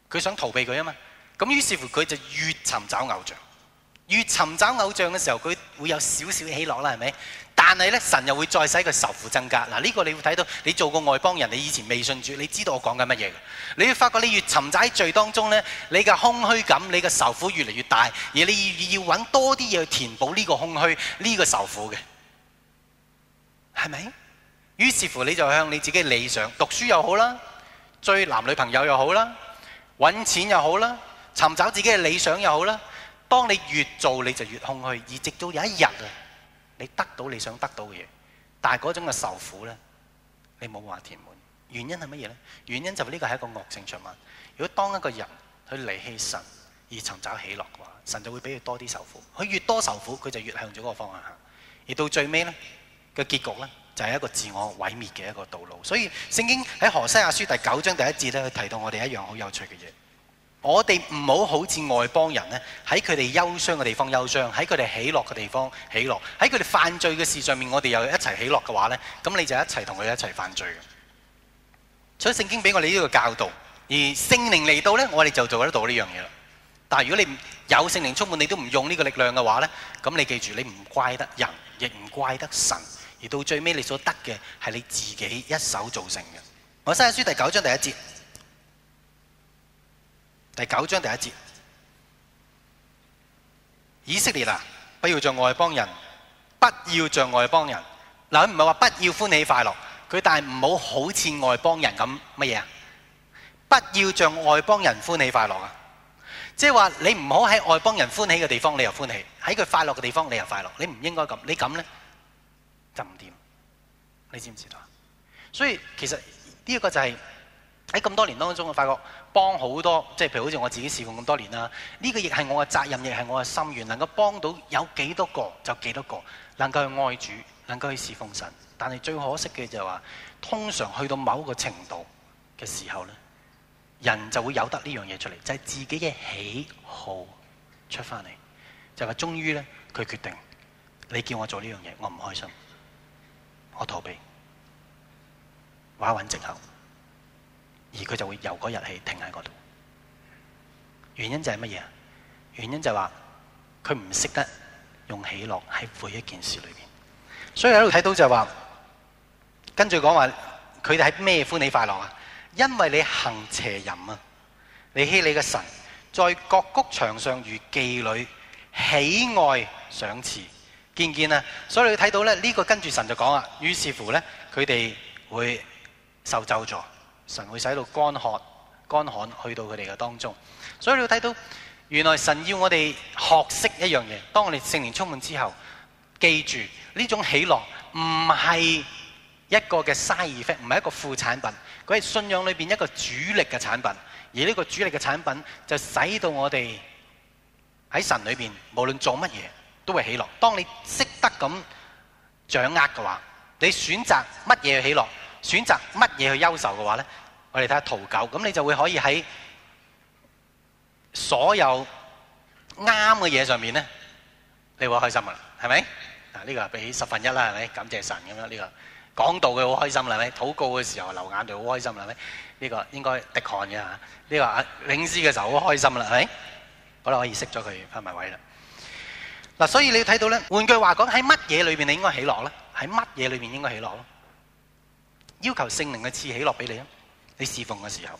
佢想逃避佢啊嘛。咁於是乎佢就越尋找偶像，越尋找偶像嘅時候，佢會有少少喜樂啦，係咪？但係咧，神又會再使佢受苦增加。嗱，呢個你會睇到。你做過外邦人，你以前未信主，你知道我講緊乜嘢嘅？你會發覺，你越沉喺罪當中咧，你嘅空虛感、你嘅受苦越嚟越大，而你要要揾多啲嘢去填補呢個空虛、呢、呢個受苦嘅，係咪？於是乎你就向你自己理想，讀書又好啦，追男女朋友又好啦，揾錢又好啦，尋找自己嘅理想又好啦。當你越做你就越空虛，而直到有一日啊～你得到你想得到嘅嘢，但係嗰種嘅受苦咧，你冇話填滿。原因係乜嘢咧？原因就呢個係一個惡性循環，如果當一個人佢離棄神而尋找喜樂嘅話，神就會俾佢多啲受苦。佢越多受苦，佢就越向咗嗰個方向行。而到最尾咧，這個結局咧，就係、是、一個自我毀滅嘅一個道路。所以聖經喺何西亞書第九章第一節咧，佢提到我哋一樣好有趣嘅嘢。我哋唔好好似外邦人咧，喺佢哋憂傷嘅地方憂傷，喺佢哋喜樂嘅地方喜樂，喺佢哋犯罪嘅事上面，我哋又一齊喜樂嘅話呢，咁你就一齊同佢一齊犯罪嘅。所以聖經俾我哋呢個教導，而聖靈嚟到呢，我哋就做得到呢樣嘢啦。但係如果你有聖靈充滿，你都唔用呢個力量嘅話呢，咁你記住，你唔怪得人，亦唔怪得神，而到最尾你所得嘅係你自己一手造成嘅。我刪下書第九章第一節。第九章第一節，以色列啊，不要像外邦人，不要像外邦人。嗱，佢唔係話不要歡喜快樂，佢但係唔好好似外邦人咁乜嘢啊！不要像外邦人歡喜快樂啊！即係話你唔好喺外邦人歡喜嘅地方，你又歡喜；喺佢快樂嘅地方，你又快樂。你唔應該咁，你咁呢，就唔掂。你知唔知道？所以其實呢一個就係。喺咁多年當中，我發覺幫好多，即係譬如好似我自己侍奉咁多年啦。呢、這個亦係我嘅責任，亦係我嘅心願。能夠幫到有幾多個就幾多個，能夠去愛主，能夠去侍奉神。但係最可惜嘅就係話，通常去到某個程度嘅時候咧，人就會有得呢樣嘢出嚟，就係、是、自己嘅喜好出翻嚟，就係話終於咧佢決定，你叫我做呢樣嘢，我唔開心，我逃避，揾穩藉口。而佢就會由嗰日起停喺嗰度，原因就係乜嘢？原因就係話佢唔識得用喜樂喺每一件事裏面。所以喺度睇到就係話，跟住講話佢哋係咩歡喜快樂啊？因為你行邪淫啊，你欺你嘅神，在各谷場上如妓女喜愛賞賜，見見啊！所以你睇到咧，呢個跟住神就講啊，於是乎他佢哋會受咒詛神會使到乾渴、乾旱去到佢哋嘅當中，所以你會睇到原來神要我哋學識一樣嘢。當我哋聖靈充滿之後，記住呢種喜樂唔係一個嘅 side effect，唔係一個副產品，佢係信仰裏邊一個主力嘅產品。而呢個主力嘅產品就使到我哋喺神裏邊，無論做乜嘢都會喜樂。當你識得咁掌握嘅話，你選擇乜嘢喜樂？選擇乜嘢去優受嘅話咧，我哋睇下圖九，咁你就會可以喺所有啱嘅嘢上面咧，你會開心噶，係咪？啊，呢個係俾十分一啦，係咪？感謝神咁樣，呢個講道嘅好開心啦，係咪？禱告嘅時候流眼淚好開心啦，係咪？呢個應該滴汗嘅嚇，呢個領詩嘅時候好開心啦，係咪？好啦，可以熄咗佢，返埋位啦。嗱，所以你要睇到咧，換句話講，喺乜嘢裏邊你應該喜樂咧？喺乜嘢裏邊應該喜樂咯？要求聖靈嘅恥辱落俾你啊！你侍奉嘅時候，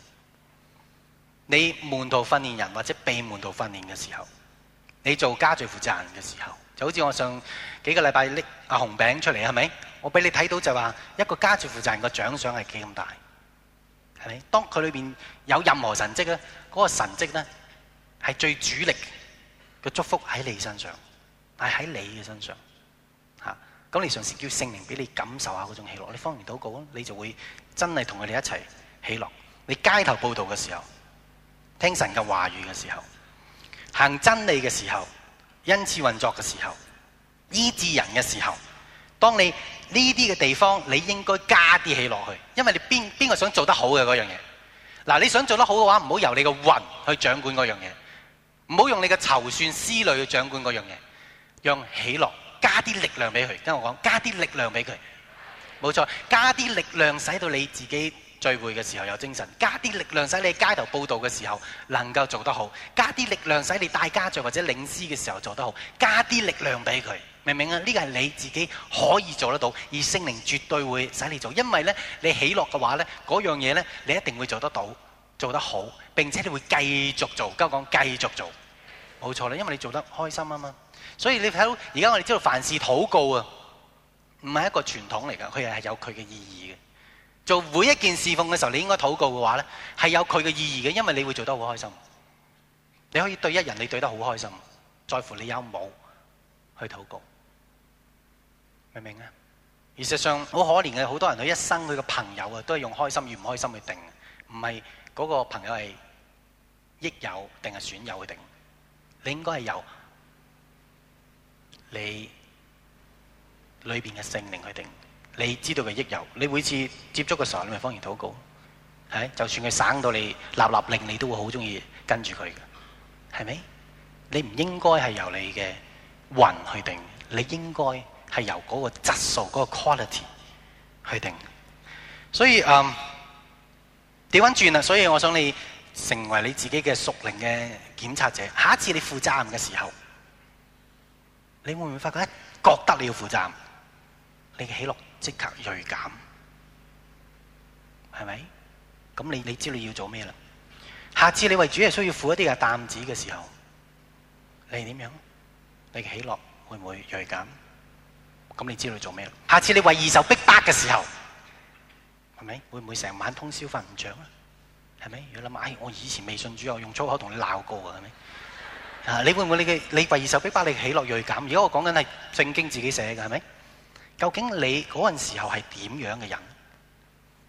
你門徒訓練人或者被門徒訓練嘅時候，你做家族負責人嘅時候，就好似我上幾個禮拜拎阿紅餅出嚟，係咪？我俾你睇到就話一個家族負責人嘅獎賞係幾咁大，係咪？當佢裏面有任何神蹟呢，嗰、那個神蹟呢，係最主力嘅祝福喺你身上，但係喺你嘅身上。當你嘗試叫聖靈俾你感受下嗰種喜樂，你方言禱告，你就會真係同佢哋一齊喜樂。你街頭布道嘅時候，聽神嘅話語嘅時候，行真理嘅時候，恩賜運作嘅時候，醫治人嘅時候，當你呢啲嘅地方，你應該加啲喜樂去，因為你邊邊個想做得好嘅嗰樣嘢？嗱，你想做得好嘅話，唔好由你個魂去掌管嗰樣嘢，唔好用你嘅籌算思慮去掌管嗰樣嘢，用喜樂。加啲力量俾佢，跟我講，加啲力量俾佢，冇錯，加啲力量使到你自己聚會嘅時候有精神，加啲力量使你街頭佈道嘅時候能夠做得好，加啲力量使你帶家聚或者領詩嘅時候做得好，加啲力量俾佢，明唔明啊？呢個係你自己可以做得到，而聖靈絕對會使你做，因為咧你喜樂嘅話咧，嗰樣嘢咧你一定會做得到，做得好，並且你會繼續做，跟我講繼續做，冇錯啦，因為你做得開心啊嘛。所以你睇到而家我哋知道，凡事禱告啊，唔係一個傳統嚟㗎，佢係有佢嘅意義嘅。做每一件事奉嘅時候，你應該禱告嘅話呢，係有佢嘅意義嘅，因為你會做得好開心。你可以對一人，你對得好開心，在乎你有冇去禱告，明唔明啊？事實上，好可憐嘅，好多人佢一生佢嘅朋友啊，都係用開心與唔開心去定的，唔係嗰個朋友係益友定係損友去定。你應該係有。你裏面嘅聖靈去定，你知道嘅益友，你每次接觸嘅時候，你咪方言禱告，就算佢省到你立立令你，你都會好中意跟住佢嘅，係咪？你唔應該係由你嘅魂去定，你應該係由嗰個質素嗰個 quality 去定。所以嗯，點翻轉啊，所以我想你成為你自己嘅屬靈嘅檢查者。下一次你負責任嘅時候。你會唔會發覺一覺得你要負責你的你，你嘅喜樂即刻鋭減，係咪？咁你你知道你要做咩啦？下次你為主係需要負一啲嘅擔子嘅時候，你點樣？你嘅喜樂會唔會鋭減？咁你知道你做咩啦？下次你為二受逼迫嘅時候，係咪？會唔會成晚通宵瞓唔着啊？係咪？如果諗下，哎，我以前未信主，我用粗口同你鬧過嘅，係咪？啊！你會唔會你嘅你為二手逼把你嘅喜樂鋭減？如果我講緊係聖經自己寫嘅，係咪？究竟你嗰陣時候係點樣嘅人？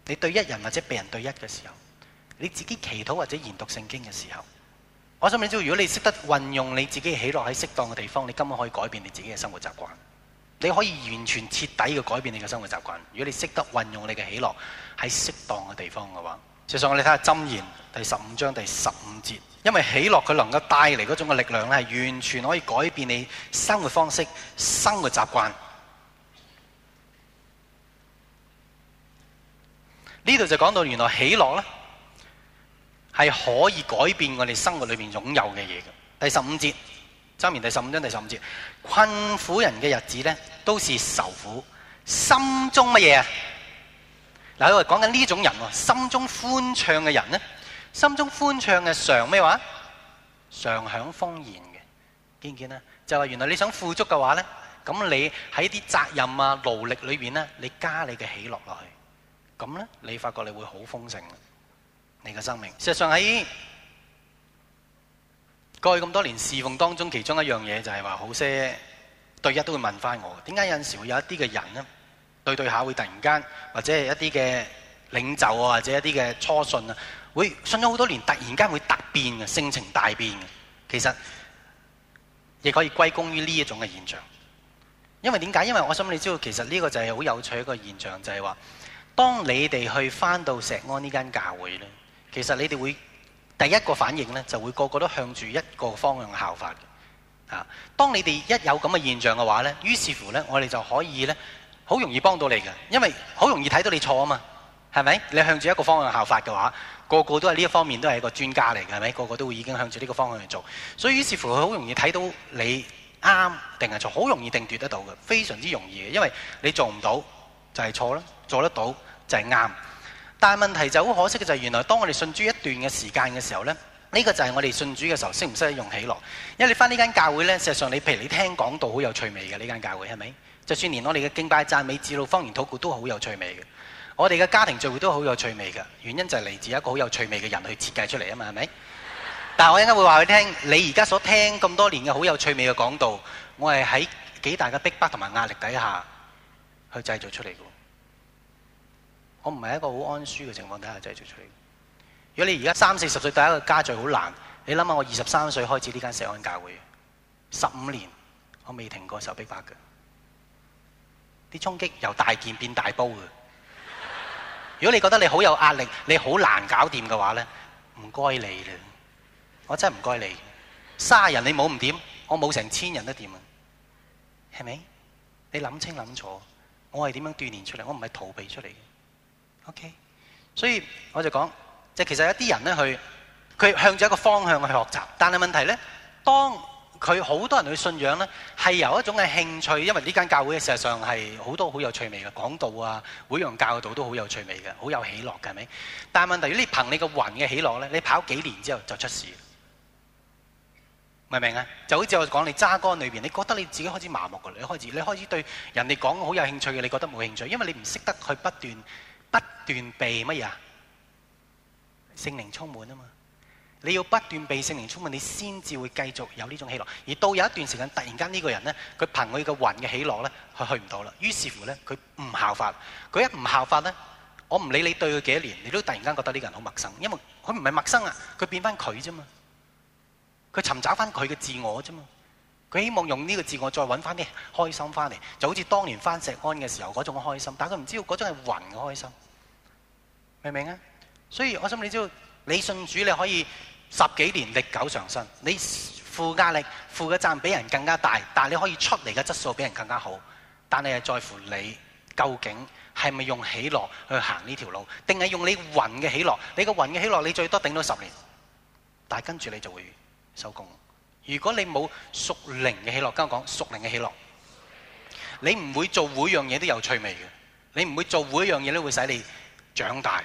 你對一人或者被人對一嘅時候，你自己祈禱或者研讀聖經嘅時候，我想你知道，如果你識得運用你自己嘅喜樂喺適當嘅地方，你根本可以改變你自己嘅生活習慣。你可以完全徹底嘅改變你嘅生活習慣，如果你識得運用你嘅喜樂喺適當嘅地方嘅話。事實上我哋睇下箴言第十五章第十五節。因為喜樂佢能夠帶嚟嗰種嘅力量咧，係完全可以改變你生活方式、生活習慣。呢度就講到原來喜樂呢，是可以改變我哋生活裏面擁有嘅嘢西嘅。第十五節，箴言第十五章第十五節，困苦人嘅日子呢，都是愁苦，心中乜嘢啊？嗱，我話講緊呢種人喎，心中歡暢嘅人呢。心中歡暢嘅常咩話？常享豐筵嘅，見唔見啊？就係原來你想富足嘅話咧，咁你喺啲責任啊、勞力裏邊咧，你加你嘅喜樂落去，咁咧你發覺你會好豐盛嘅，你嘅生命。事實上喺過去咁多年侍奉當中，其中一樣嘢就係話好些對一都會問返我，點解有陣時會有一啲嘅人呢？對對下會突然間或者係一啲嘅領袖啊，或者一啲嘅初信啊？會信咗好多年，突然間會突變嘅性情大變嘅，其實亦可以歸功於呢一種嘅現象。因為點解？因為我想你知道，其實呢個就係好有趣的一個現象，就係話，當你哋去翻到石安呢間教會呢，其實你哋會第一個反應呢，就會個個都向住一個方向效法嘅。啊，當你哋一有咁嘅現象嘅話呢，於是乎呢，我哋就可以呢，好容易幫到你嘅，因為好容易睇到你錯啊嘛，係咪？你向住一個方向效法嘅話。個個都係呢一方面都係一個專家嚟嘅，係咪？個個都會已經向住呢個方向去做，所以於是乎佢好容易睇到你啱定係錯，好容易定奪得到嘅，非常之容易嘅。因為你做唔到就係錯啦，做得到就係、是、啱。但係問題就好可惜嘅就係原來當我哋信主一段嘅時間嘅時候呢，呢、這個就係我哋信主嘅時候識唔識得用喜樂。因為你返呢間教會呢，事實際上你譬如你聽講道好有趣味嘅呢間教會，係咪？就算連我哋嘅敬拜、讚美、指路、方言、禱告都好有趣味嘅。我哋嘅家庭聚會都好有趣味㗎。原因就係嚟自一個好有趣味嘅人去設計出嚟啊嘛，係咪？ 但我應該會話畀你聽，你而家所聽咁多年嘅好有趣味嘅講道，我係喺幾大嘅逼迫同埋壓力底下，去製造出嚟嘅。我唔係一個好安舒嘅情況底下製造出嚟。如果你而家三四十歲，第一個家聚好難，你諗下我二十三歲開始呢間社安教會，十五年我未停過受逼迫嘅，啲衝擊由大件變大煲嘅。如果你覺得你好有壓力，你好難搞掂嘅話呢，唔該你，我真係唔該你。卅人你冇唔掂，我冇成千人都掂啊，係咪？你諗清諗楚，我係點樣鍛鍊出嚟？我唔係逃避出嚟。OK，所以我就講，其實有啲人呢，佢向住一個方向去學習，但係問題呢，當……佢好多人去信仰呢，係由一種嘅興趣，因為呢間教會嘅事實上係好多好有趣味嘅講道啊，會用教導都好有趣味嘅，好有喜樂嘅，係咪？但係問題，如果你憑你個魂嘅喜樂呢，你跑幾年之後就出事，明唔明啊？就好似我講，你揸竿裏邊，你覺得你自己開始麻木嘅，你開始你開始對人哋講好有興趣嘅，你覺得冇興趣，因為你唔識得去不斷不斷被乜嘢啊？聖靈充滿啊嘛～你要不斷被聖靈充滿，你先至會繼續有呢種喜樂。而到有一段時間，突然間呢個人呢，佢憑佢嘅魂嘅喜樂呢，佢去唔到啦。於是乎呢，佢唔效法。佢一唔效法呢，我唔理你對佢幾多年，你都突然間覺得呢個人好陌生，因為佢唔係陌生啊，佢變翻佢啫嘛。佢尋找翻佢嘅自我啫嘛。佢希望用呢個自我再揾翻啲開心翻嚟，就好似當年翻石安嘅時候嗰種開心。但係佢唔知道嗰種係魂嘅開心，明唔明啊？所以我想你知道。你信主，你可以十幾年歷久常新。你負壓力、負嘅責任比人更加大，但你可以出嚟嘅質素比人更加好。但係又在乎你究竟係咪用喜樂去行呢條路，定係用你魂嘅喜樂？你個魂嘅喜樂，你最多頂到十年，但跟住你就會收工。如果你冇屬靈嘅喜樂，跟我講屬靈嘅喜樂，你唔會做每樣嘢都有趣味嘅，你唔會做每一樣嘢都會使你長大。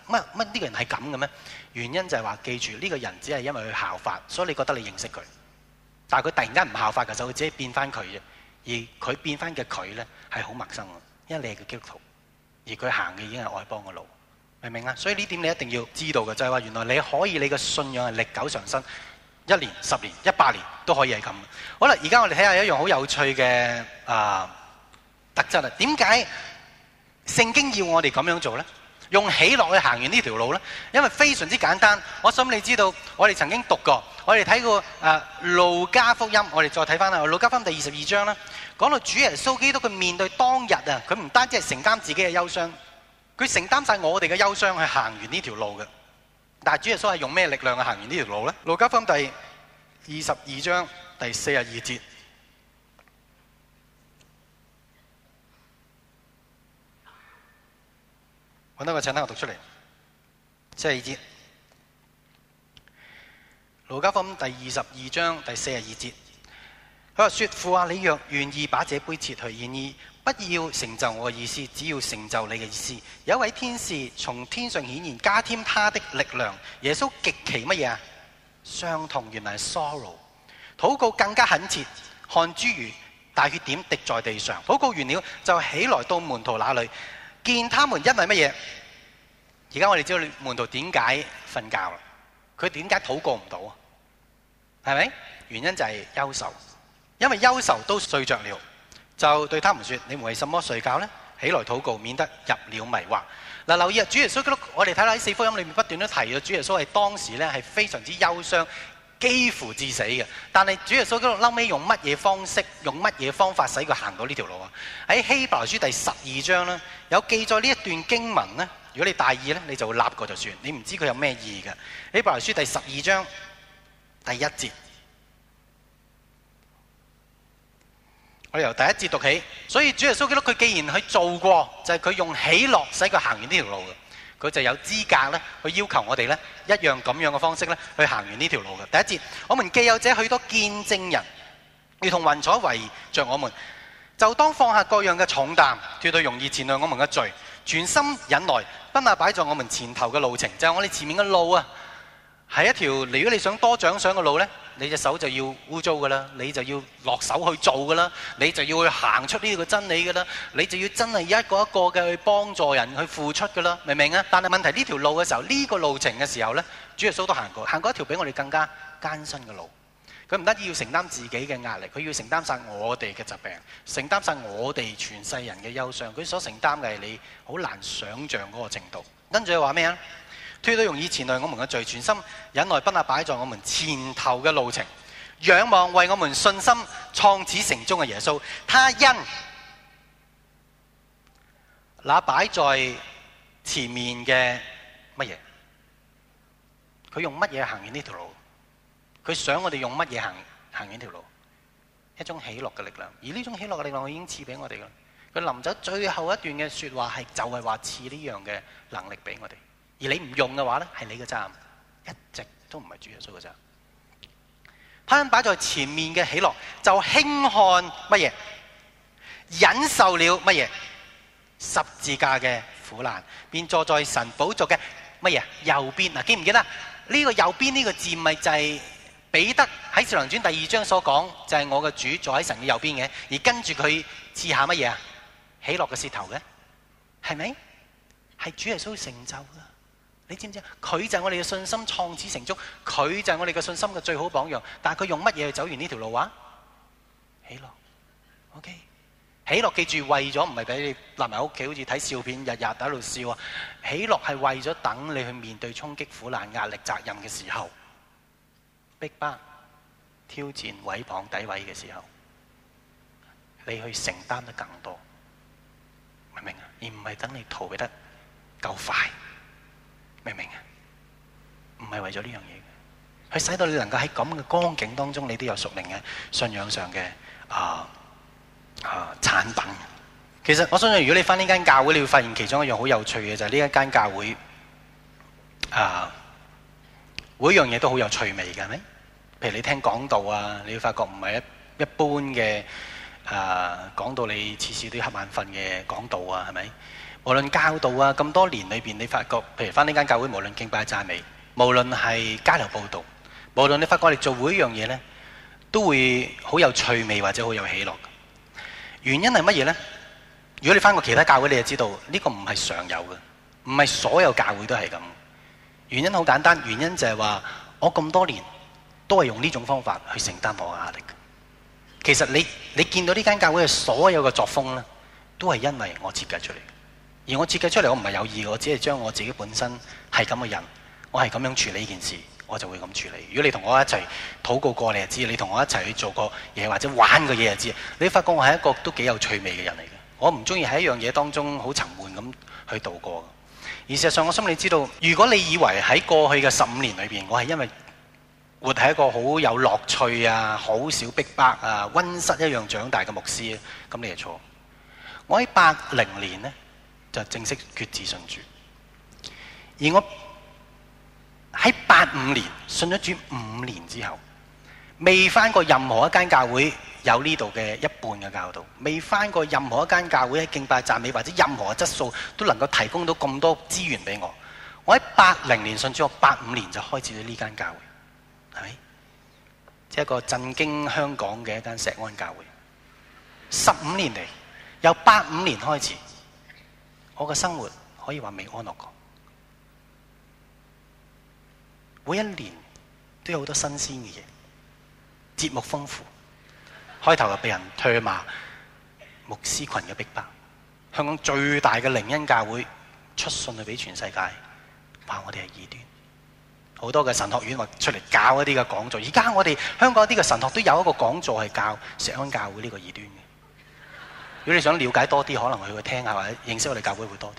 乜乜？呢個人係咁嘅咩？原因就係話，記住呢、這個人只係因為佢效法，所以你覺得你認識佢。但係佢突然間唔效法嘅時候，佢只係變翻佢啫。而佢變翻嘅佢咧，係好陌生嘅，因為你係個基督徒，而佢行嘅已經係外邦嘅路，明唔明啊？所以呢點你一定要知道嘅，就係、是、話原來你可以你嘅信仰係歷久常新，一年、十年、一百年都可以係咁。好啦，而家我哋睇下一樣好有趣嘅啊、呃、特質啊。點解聖經要我哋咁樣做咧？用喜樂去行完呢條路呢？因為非常之簡單。我想你知道，我哋曾經讀過，我哋睇過啊《路加福音》，我哋再睇翻啦，《路加福音》第二十二章啦。講到主耶穌基督，佢面對當日啊，佢唔單止係承擔自己嘅憂傷，佢承擔晒我哋嘅憂傷去行完呢條路嘅。但係主耶穌係用咩力量去行完呢條路呢？《路加福音》第二十二章第四十二節。揾多個請單，我讀出嚟。七十節，路加福音第二十二章第四十二節，佢話說：說父啊，你若願意把這杯撤去，願意不要成就我嘅意思，只要成就你嘅意思。有一位天使從天上顯現加添他的力量。耶穌極其乜嘢啊？傷痛，原嚟係 sorrow。禱告更加懇切，汗珠如大血點滴在地上。禱告完了，就起來到門徒那裏。見他們因為乜嘢？而家我哋知道你門徒點解瞓覺啦？佢點解禱告唔到啊？係咪？原因就係憂愁，因為憂愁都睡着了，就對他們說：你們為什麼睡覺呢？起來禱告，免得入了迷惑。嗱，留意啊，主耶穌基督，我哋睇下喺四福音裏面不斷都提到，主耶穌係當時咧係非常之憂傷。幾乎致死嘅，但係主耶穌基督後尾用乜嘢方式、用乜嘢方法使佢行到呢條路啊？喺希伯來書第十二章咧，有記載呢一段經文咧。如果你大意咧，你就會立過就算，你唔知佢有咩意義嘅。希伯來書第十二章第一節，我由第一節讀起。所以主耶穌基督佢既然去做過，就係、是、佢用喜樂使佢行完呢條路嘅。佢就有資格咧，去要求我哋咧一樣咁樣嘅方式咧，去行完呢條路嘅。第一節，我們既有這許多見證人，如同雲彩圍著我們，就當放下各樣嘅重擔，脫去容易纏累我們嘅罪，全心忍耐，不那擺在我們前頭嘅路程，就係、是、我哋前面嘅路啊！係一條，如果你想多獎賞嘅路呢，你隻手就要污糟噶啦，你就要落手去做噶啦，你就要去行出呢個真理噶啦，你就要真係一個一個嘅去幫助人去付出噶啦，明唔明啊？但係問題呢條路嘅時候，呢個路程嘅時候呢，主耶穌都行過，行過一條比我哋更加艱辛嘅路。佢唔單止要承擔自己嘅壓力，佢要承擔晒我哋嘅疾病，承擔晒我哋全世人嘅憂傷。佢所承擔嘅係你好難想像嗰個程度。跟住話咩啊？推到容易前來，我們嘅罪全心忍耐，奔那擺在我們前頭嘅路程，仰望為我們信心創始成終嘅耶穌。他因那擺在前面嘅乜嘢？佢用乜嘢行完呢條路？佢想我哋用乜嘢行行完條路？一種喜樂嘅力量，而呢種喜樂嘅力量，我已經賜俾我哋㗎啦。佢臨走最後一段嘅説話係就係話賜呢樣嘅能力俾我哋。而你唔用嘅話咧，係你嘅責任，一直都唔係主耶穌嘅責任。攤擺在前面嘅喜樂，就輕看乜嘢，忍受了乜嘢十字架嘅苦難，便坐在神寶座嘅乜嘢右邊。嗱、啊，記唔記得呢、這個右邊呢個字咪就係彼得喺《使徒行傳》第二章所講，就係、是、我嘅主坐喺神嘅右邊嘅。而跟住佢賜下乜嘢啊？喜樂嘅舌頭嘅，係咪？係主耶穌成就啦。你知唔知啊？佢就係我哋嘅信心，創始成終。佢就係我哋嘅信心嘅最好榜樣。但係佢用乜嘢去走完呢條路啊？喜樂，OK？喜樂，記住為咗唔係俾你立埋屋企，好似睇笑片，日日喺度笑啊！喜樂係為咗等你去面對衝擊、苦難、壓力、責任嘅時候，逼迫、挑戰、毀謗、詆毀嘅時候，你去承擔得更多，明唔明啊？而唔係等你逃避得夠快。明唔明啊？唔係為咗呢樣嘢，佢使到你能夠喺咁嘅光景當中，你都有屬靈嘅信仰上嘅啊啊產品。其實我相信，如果你翻呢間教會，你會發現其中一樣好有趣嘅就係呢一間教會啊、呃，每一樣嘢都好有趣味嘅，係咪？譬如你聽講道啊，你會發覺唔係一一般嘅啊、呃、講到你次次都瞌眼瞓嘅講道啊，係咪？無論教導啊，咁多年裏面你發覺譬如翻呢間教會，無論敬拜、讚美，無論係街頭佈道，無論你發覺你做每一樣嘢呢，都會好有趣味或者好有喜樂。原因係乜嘢呢？如果你翻過其他教會，你就知道呢個唔係常有嘅，唔係所有教會都係咁。原因好簡單，原因就係話我咁多年都係用呢種方法去承擔我嘅壓力。其實你你見到呢間教會嘅所有嘅作風呢，都係因為我設計出嚟。而我設計出嚟，我唔係有意嘅，我只係將我自己本身係咁嘅人，我係咁樣處理呢件事，我就會咁處理。如果你同我一齊禱告過，你就知；你同我一齊去做過嘢或者玩過嘢，就知。你發覺我係一個都幾有趣味嘅人嚟嘅。我唔中意喺一樣嘢當中好沉悶咁去度過。而事實上，我心裏知道，如果你以為喺過去嘅十五年裏邊，我係因為活喺一個好有樂趣啊、好少逼迫啊、溫室一樣長大嘅牧師，咁你就錯。我喺八零年呢。就正式決志信主，而我喺八五年信咗主五年之後，未翻過任何一間教會有呢度嘅一半嘅教導，未翻過任何一間教會，喺敬拜讚美或者任何質素都能夠提供到咁多資源俾我。我喺八零年信主，我八五年就開始咗呢間教會，係咪？即係一個震驚香港嘅一間石安教會。十五年嚟，由八五年開始。我嘅生活可以話未安樂過。每一年都有好多新鮮嘅嘢，節目豐富。開頭就被人唾罵，牧師群嘅逼迫。香港最大嘅靈恩教會出信去俾全世界，話我哋係異端。好多嘅神學院話出嚟教一啲嘅講座，而家我哋香港啲嘅神學都有一個講座係教錫安教會呢個異端如果你想了解多啲，可能去會聽認識認識我哋教會會多啲。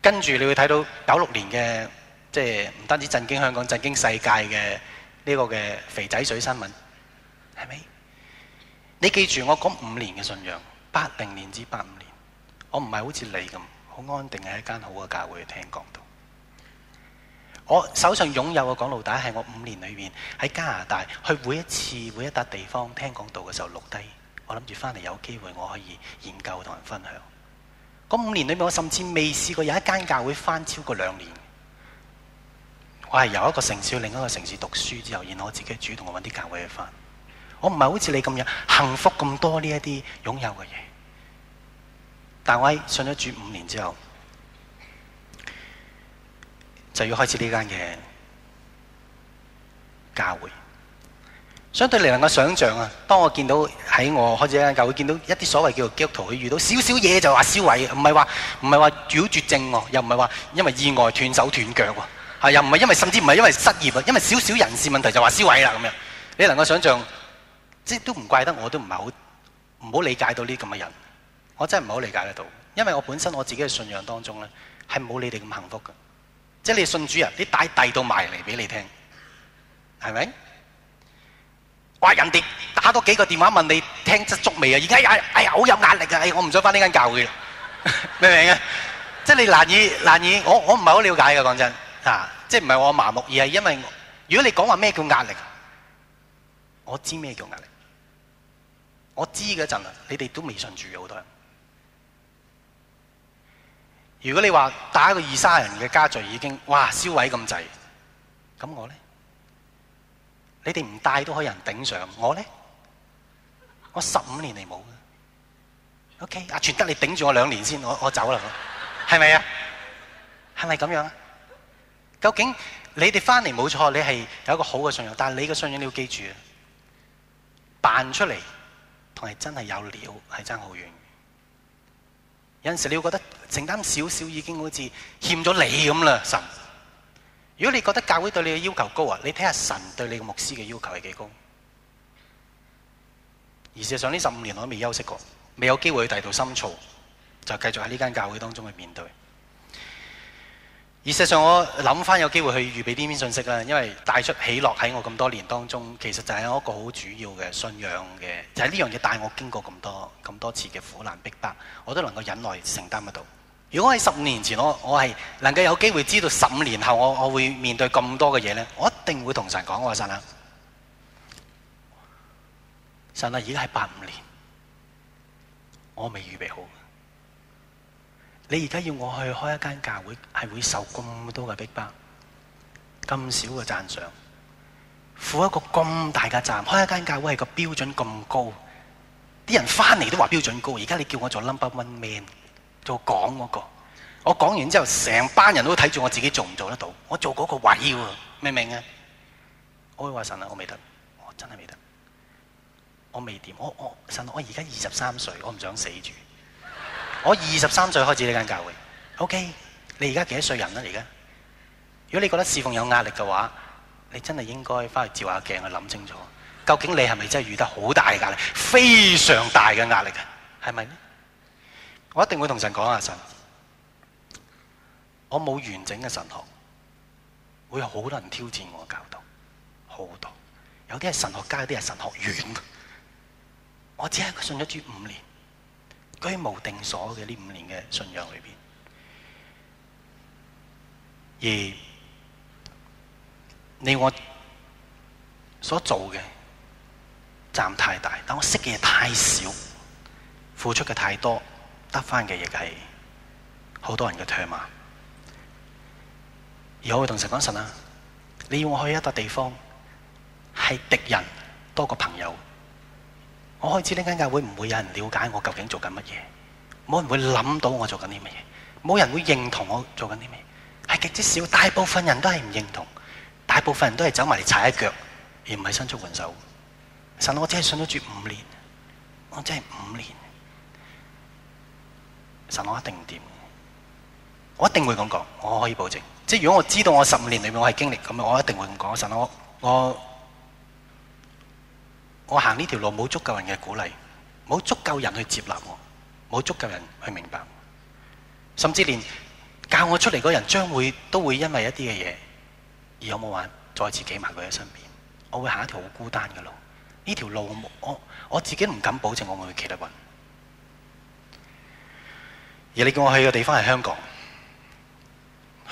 跟住你會睇到九六年嘅，即唔單止震驚香港、震驚世界嘅呢、這個嘅肥仔水新聞，係咪？你記住我講五年嘅信仰，八零年至八五年，我唔係好似你咁好安定喺一間好嘅教會聽講道。我手上擁有嘅講道帶係我五年裏面喺加拿大去每一次每一笪地方聽講道嘅時候錄低，錄我諗住返嚟有機會，我可以研究同人分享。嗰五年裏面，我甚至未試過有一間教會返超過兩年。我係由一個城市去另一個城市讀書之後，然後我自己主動我揾啲教會去返。我唔係好似你咁樣幸福咁多呢一啲擁有嘅嘢。但我喺上咗主五年之後，就要開始呢間嘅教會。相對你能夠想像啊！當我見到喺我開始間教會，見到一啲所謂叫做基督徒，佢遇到少少嘢就話消毀，唔係話唔係話屌絕症喎，又唔係話因為意外斷手斷腳喎，又唔係因為甚至唔係因為失業啊，因為少少人事問題就話消毀啦咁樣。你能夠想像，即都唔怪得我都唔係好唔好理解到呢咁嘅人，我真係唔好理解得到，因為我本身我自己嘅信仰當中咧係冇你哋咁幸福嘅，即係你信主人，你帶遞到埋嚟俾你聽，係咪？話人哋打多幾個電話問你聽質足未啊？而家哎呀，哎呀好有壓力啊！哎呀，我唔想翻呢間教會， 明唔明啊？即係你難以難以，我我唔係好了解嘅，講真啊！即係唔係我麻木，而係因為如果你講話咩叫壓力，我知咩叫壓力，我知嗰陣你哋都未信住嘅好多人。如果你話打一個二三人嘅家聚已經哇燒毀咁滯，咁我咧？你哋唔帶都可以有人頂上，我呢？我十五年嚟冇嘅，OK？阿全德，你頂住我兩年先，我我走啦，係咪 啊？係咪咁樣啊？究竟你哋返嚟冇錯，你係有一個好嘅信仰，但係你嘅信仰你要記住，扮出嚟同係真係有料係爭好遠。有時你要覺得承擔少少已經好像欠了似欠咗你咁啦，神。如果你覺得教會對你嘅要求高啊，你睇下神對你個牧師嘅要求係幾高？而事實上呢十五年我都未休息過，未有機會去第二度深造，就繼續喺呢間教會當中去面對。而事實上我諗返有機會去預備啲咩信息啦，因為帶出喜樂喺我咁多年當中，其實就係我一個好主要嘅信仰嘅，就係呢樣嘢帶我經過咁多、咁多次嘅苦難逼迫，我都能夠忍耐承擔得到。如果喺十五年前，我我係能夠有機會知道十五年後我我會面對咁多嘅嘢呢，我一定會同神講。我話神啊，神啊，而家係八五年，我未預備好的。你而家要我去開一間教會，係會受咁多嘅逼迫，迫，咁少嘅讚賞，負一個咁大嘅責任，開一間教會係個標準咁高，啲人返嚟都話標準高。而家你叫我做 number one man。做講嗰個，我講、那個、完之後，成班人都睇住我自己做唔做得到。我做嗰個位喎，明唔明啊？我會話神啊，我未得，我真係未得，我未掂。我我神，我而家二十三歲，我唔想死住。我二十三歲開始呢間教會，OK。你而家幾多歲人啊？而家，如果你覺得侍奉有壓力嘅話，你真係應該翻去照下鏡，去諗清楚，究竟你係咪真係遇得好大壓力，非常大嘅壓力嘅，係咪呢？我一定會同神講啊！神，我冇完整嘅神學，會有好多人挑戰我嘅教導，好多。有啲係神學家，有啲係神學院。我只係信咗主五年，居無定所嘅呢五年嘅信仰裏面。而你我所做嘅站太大，但我識嘅嘢太少，付出嘅太多。得翻嘅亦係好多人嘅唾罵，而我會同神講神啊，你要我去一個地方係敵人多過朋友，我開始呢間教會唔會有人了解我究竟做緊乜嘢，冇人會諗到我做緊啲乜嘢，冇人會認同我做緊啲乜嘢。係極之少，大部分人都係唔認同，大部分人都係走埋嚟踩一腳，而唔係伸出援手。神啊，我只係信咗住五年，我真係五年。神，我一定唔掂，我一定會咁講。我可以保證。即如果我知道我十五年裏面我係經歷咁樣，我一定會咁講。神，我我我行呢條路冇足夠人嘅鼓勵，冇足夠人去接納我，冇足夠人去明白我，甚至連教我出嚟嗰人將會都會因為一啲嘅嘢，而我沒有冇話再次企埋佢喺身邊。我會行一條好孤單嘅路，呢條路我，我，我自己唔敢保證我會去企得穩。而你叫我去嘅地方係香港，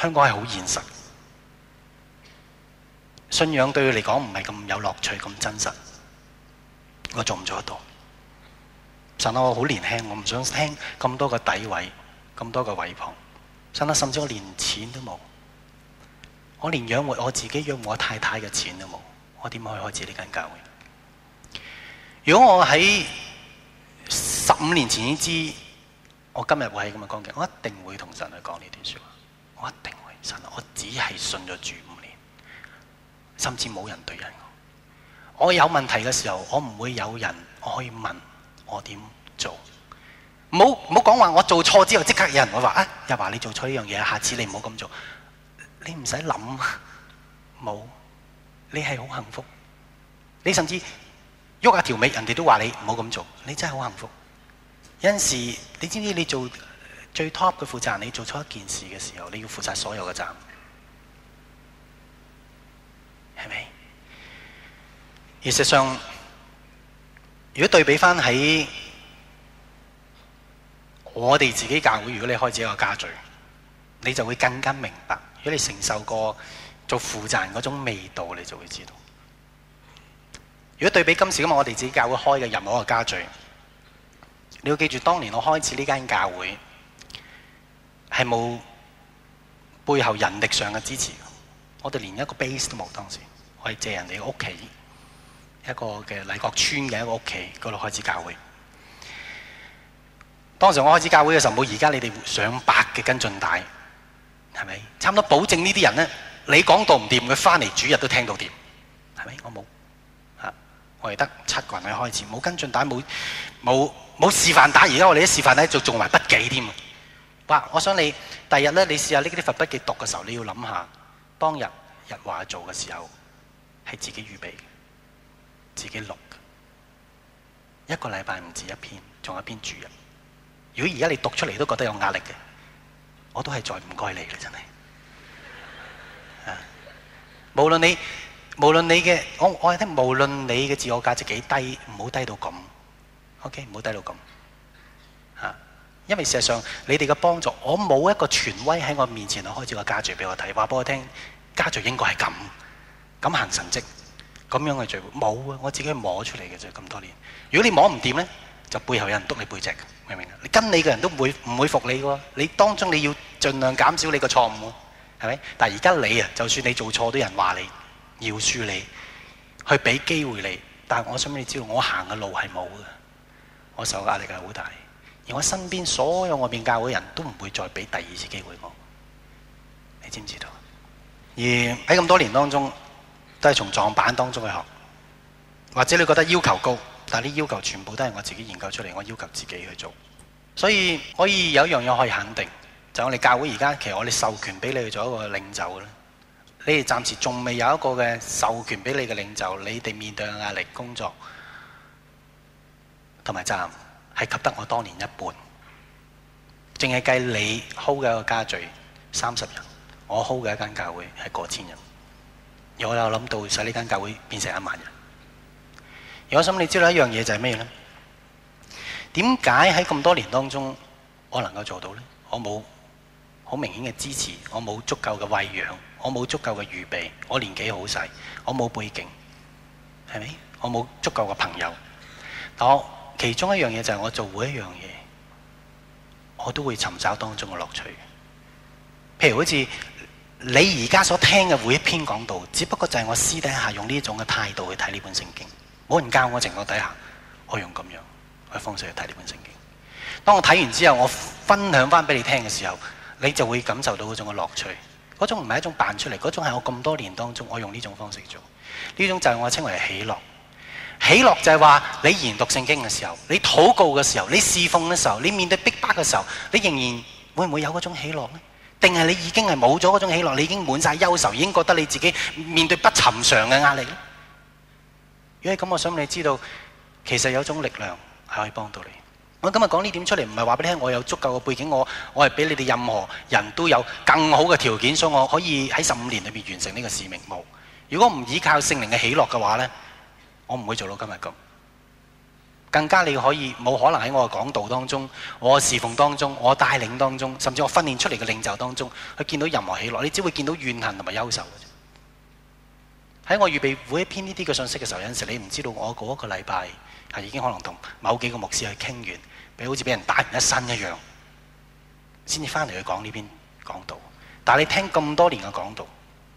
香港係好現實，信仰對佢嚟講唔係咁有樂趣，咁真實。我做唔做得到？神啊，我好年輕，我唔想聽咁多嘅詆毀，咁多嘅毀謗。神啊，甚至我連錢都冇，我連養活我自己、養活我太太嘅錢都冇，我點可以開始呢間教會？如果我喺十五年前先知道。我今日會係咁樣講嘅。我一定會同神去講呢段說話。我一定會神，我只係信咗主五年，甚至冇人對人我。我有問題嘅時候，我唔會有人我可以問，我點做？唔好唔好講話，我做錯之後即刻有人會話啊！又話你做錯呢樣嘢，下次你唔好咁做。你唔使諗，冇，你係好幸福。你甚至喐下條尾，人哋都話你唔好咁做。你真係好幸福。有陣時，你知唔知你做最 top 嘅負責人，你做錯一件事嘅時候，你要負責所有嘅責任，係咪？而實際上，如果對比返喺我哋自己教會，如果你開始一個家聚，你就會更加明白。如果你承受過做負責人嗰種味道，你就會知道。如果對比今時今日我哋自己教會開嘅任何一個家聚，你要記住，當年我開始呢間教會係冇背後人力上嘅支持的，我哋連一個 base 都冇。當時我係借人哋嘅屋企，一個嘅禮國村嘅一個屋企嗰度開始教會。當時我開始教會嘅時候，冇而家你哋上百嘅跟進帶，係咪？差唔多保證呢啲人咧，你講到唔掂，佢翻嚟主日都聽到掂，係咪？我冇嚇，我哋得七個人去開始，冇跟進帶，冇冇。冇示範打，而家我哋啲示範呢就做埋筆記添。哇！我想你第二日呢你試下呢啲筆記讀嘅時候，你要諗下當日日話做嘅時候係自己預備的，自己錄，一個禮拜唔止一篇，仲有一篇住日。如果而家你讀出嚟都覺得有壓力嘅，我都係再唔該你啦，真係。無論你無論你嘅我我聽，無論你的自我價值幾低，唔好低到咁。OK，唔好低到咁吓，因為事實上你哋嘅幫助，我冇一個權威喺我面前，我開始個家墜俾我睇，話俾我聽，家墜應該係咁，咁行神蹟，咁樣嘅聚會冇啊！我自己摸出嚟嘅啫，咁多年。如果你摸唔掂咧，就背後有人督你背脊，明唔明啊？你跟你嘅人都唔會唔會服你喎，你當中你要盡量減少你嘅錯誤，係咪？但係而家你啊，就算你做錯，都有人話你，饒恕你，去俾機會你。但係我想俾你知道，我行嘅路係冇嘅。我受嘅壓力係好大，而我身邊所有外面教會嘅人都唔會再俾第二次機會我。你知唔知道？而喺咁多年當中，都係從撞板當中去學，或者你覺得要求高，但係啲要求全部都係我自己研究出嚟，我要求自己去做。所以可以有一樣嘢可以肯定，就係我哋教會而家其實我哋授權俾你去做一個領袖。你哋暫時仲未有一個嘅授權俾你嘅領袖，你哋面對嘅壓力工作。同埋責任係及得我當年一半，淨係計你 hold 嘅一個家聚三十人，我 hold 嘅一間教會係過千人。而我有諗到使呢間教會變成一萬人。而我心裡知道一樣嘢就係咩咧？點解喺咁多年當中我能夠做到咧？我冇好明顯嘅支持，我冇足夠嘅餵養，我冇足夠嘅預備，我年紀好細，我冇背景，係咪？我冇足夠嘅朋友，但我。其中一樣嘢就係我做每一樣嘢，我都會尋找當中嘅樂趣。譬如好似你而家所聽嘅每一篇講道，只不過就係我私底下用呢種嘅態度去睇呢本聖經。冇人教我情況底下，我用這樣嘅方式去睇呢本聖經。當我睇完之後，我分享返畀你聽嘅時候，你就會感受到嗰種嘅樂趣。嗰種唔係一種扮出嚟，嗰種係我咁多年當中我用呢種方式做。呢種就係我稱為喜樂。喜樂就係話你研讀聖經嘅時候，你禱告嘅時候，你侍奉嘅時候，你面對逼迫嘅時候，你仍然會唔會有嗰種喜樂呢？定係你已經係冇咗嗰種喜樂，你已經滿晒憂愁，已經覺得你自己面對不尋常嘅壓力如果咁，因為我想你知道，其實有一種力量可以幫到你。我今日講呢點出嚟，唔係話俾你聽，我有足夠嘅背景，我我係俾你哋任何人都有更好嘅條件，所以我可以喺十五年裏面完成呢個使命務。如果唔依靠聖靈嘅喜樂嘅話呢？我唔會做到今日咁，更加你可以冇可能喺我嘅講道當中、我侍奉當中、我帶領當中，甚至我訓練出嚟嘅領袖當中，去見到任何喜樂，你只會見到怨恨同埋憂愁。喺我預備每一篇呢啲嘅信息嘅時候，有時你唔知道我嗰一個禮拜已經可能同某幾個牧師去傾完，俾好似俾人打完一身一樣，先至返嚟去講呢篇講道。但係你聽咁多年嘅講道，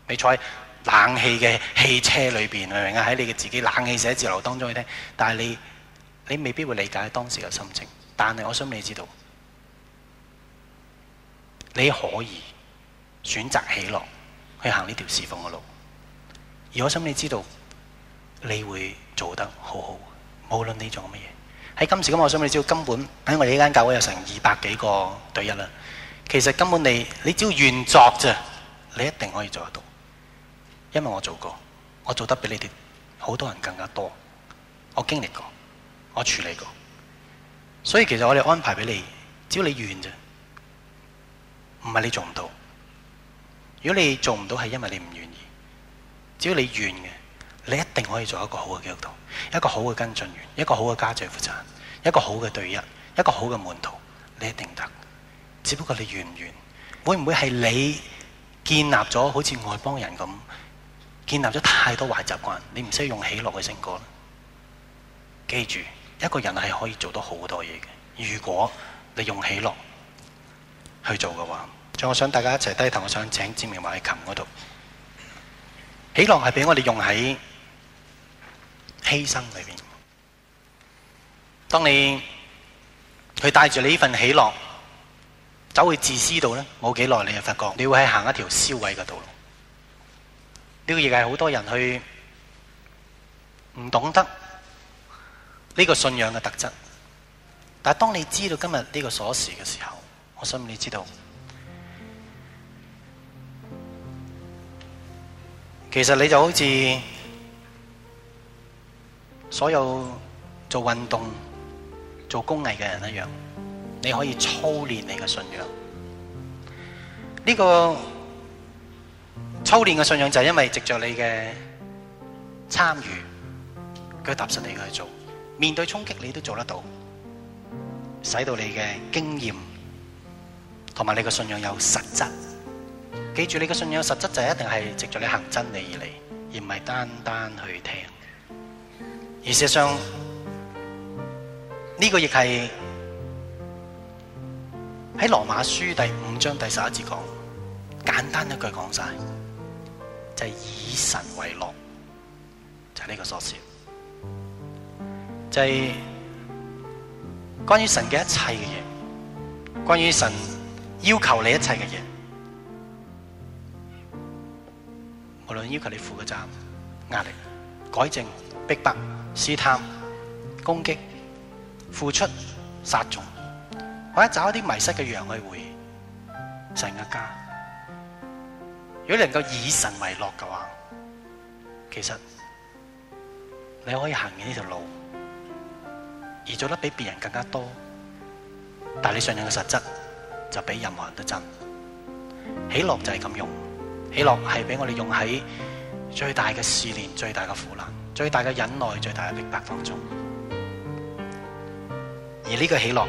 你採，冷氣嘅汽車裏邊，明唔明啊？喺你嘅自己冷氣寫字樓當中去聽，但係你你未必會理解當時嘅心情。但係我想你知道，你可以選擇喜樂，去行呢條侍奉嘅路。而我想你知道，你會做得好好。無論你做乜嘢，喺今時今日，我想你知道，根本喺我哋呢間教會有成二百幾個隊員啦。其實根本你你只要願作啫，你一定可以做得到。因為我做過，我做得比你哋好多人更加多。我經歷過，我處理過，所以其實我哋安排俾你，只要你願啫，唔係你做唔到。如果你做唔到，係因為你唔願意。只要你願嘅，你一定可以做一個好嘅基督徒，一個好嘅跟進員，一個好嘅家長負責，一個好嘅隊友，一個好嘅門徒，你一定得。只不過你願唔願，會唔會係你建立咗好似外邦人咁？建立咗太多壞習慣，你唔需要用喜樂去聲音。記住，一個人係可以做到好多嘢嘅。如果你用喜樂去做嘅話，我想大家一齊低頭。我想請志明華琴嗰度，喜樂係畀我哋用喺犧牲裏面。當你佢帶住你這份喜樂走去自私度呢，冇幾耐，你就發覺，你會喺行一條燒燬嘅道路。呢個亦係好多人去唔懂得呢個信仰嘅特質，但當當你知道今日呢個鎖匙嘅時候，我想你知道，其實你就好似所有做運動、做工藝嘅人一樣，你可以操練你嘅信仰、這。呢個。操練嘅信仰就係因為藉着你嘅參與，佢踏實你去做。面對衝擊你都做得到，使到你嘅經驗同埋你嘅信仰有實質。記住，你嘅信仰的實質就係一定係藉着你行真理而嚟，而唔係單單去聽。而事實上，呢、這個亦係喺羅馬書第五章第十一節講，簡單一句講晒。就係以神為樂，就係呢個所說。就係關於神嘅一切嘅嘢，關於神要求你一切嘅嘢，無論要求你負嘅責任、壓力、改正、逼迫、試探、攻擊、付出、殺重，或者找一啲迷失嘅羊去回神嘅家。如果能夠以神為樂嘅話，其實你可以行嘅呢條路，而做得比別人更加多。但你信仰嘅實質就比任何人都真。喜樂就係咁用，喜樂係俾我哋用喺最大嘅試煉、最大嘅苦難、最大嘅忍耐、最大嘅逼迫當中。而呢個喜樂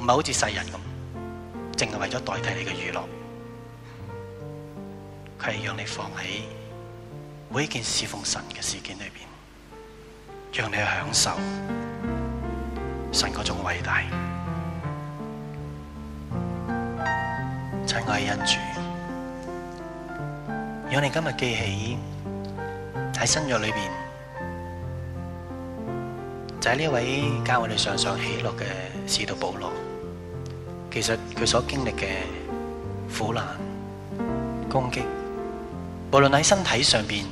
唔係好似世人咁，淨係為咗代替你嘅娛樂。佢係讓你放喺每一件侍奉神嘅事件裏面，讓你享受神嗰種偉大。親愛的恩主，讓你今日記起喺新約裏面，就喺呢位教我哋常常喜樂嘅使徒保羅。其實佢所經歷嘅苦難、攻擊。無論喺身體上面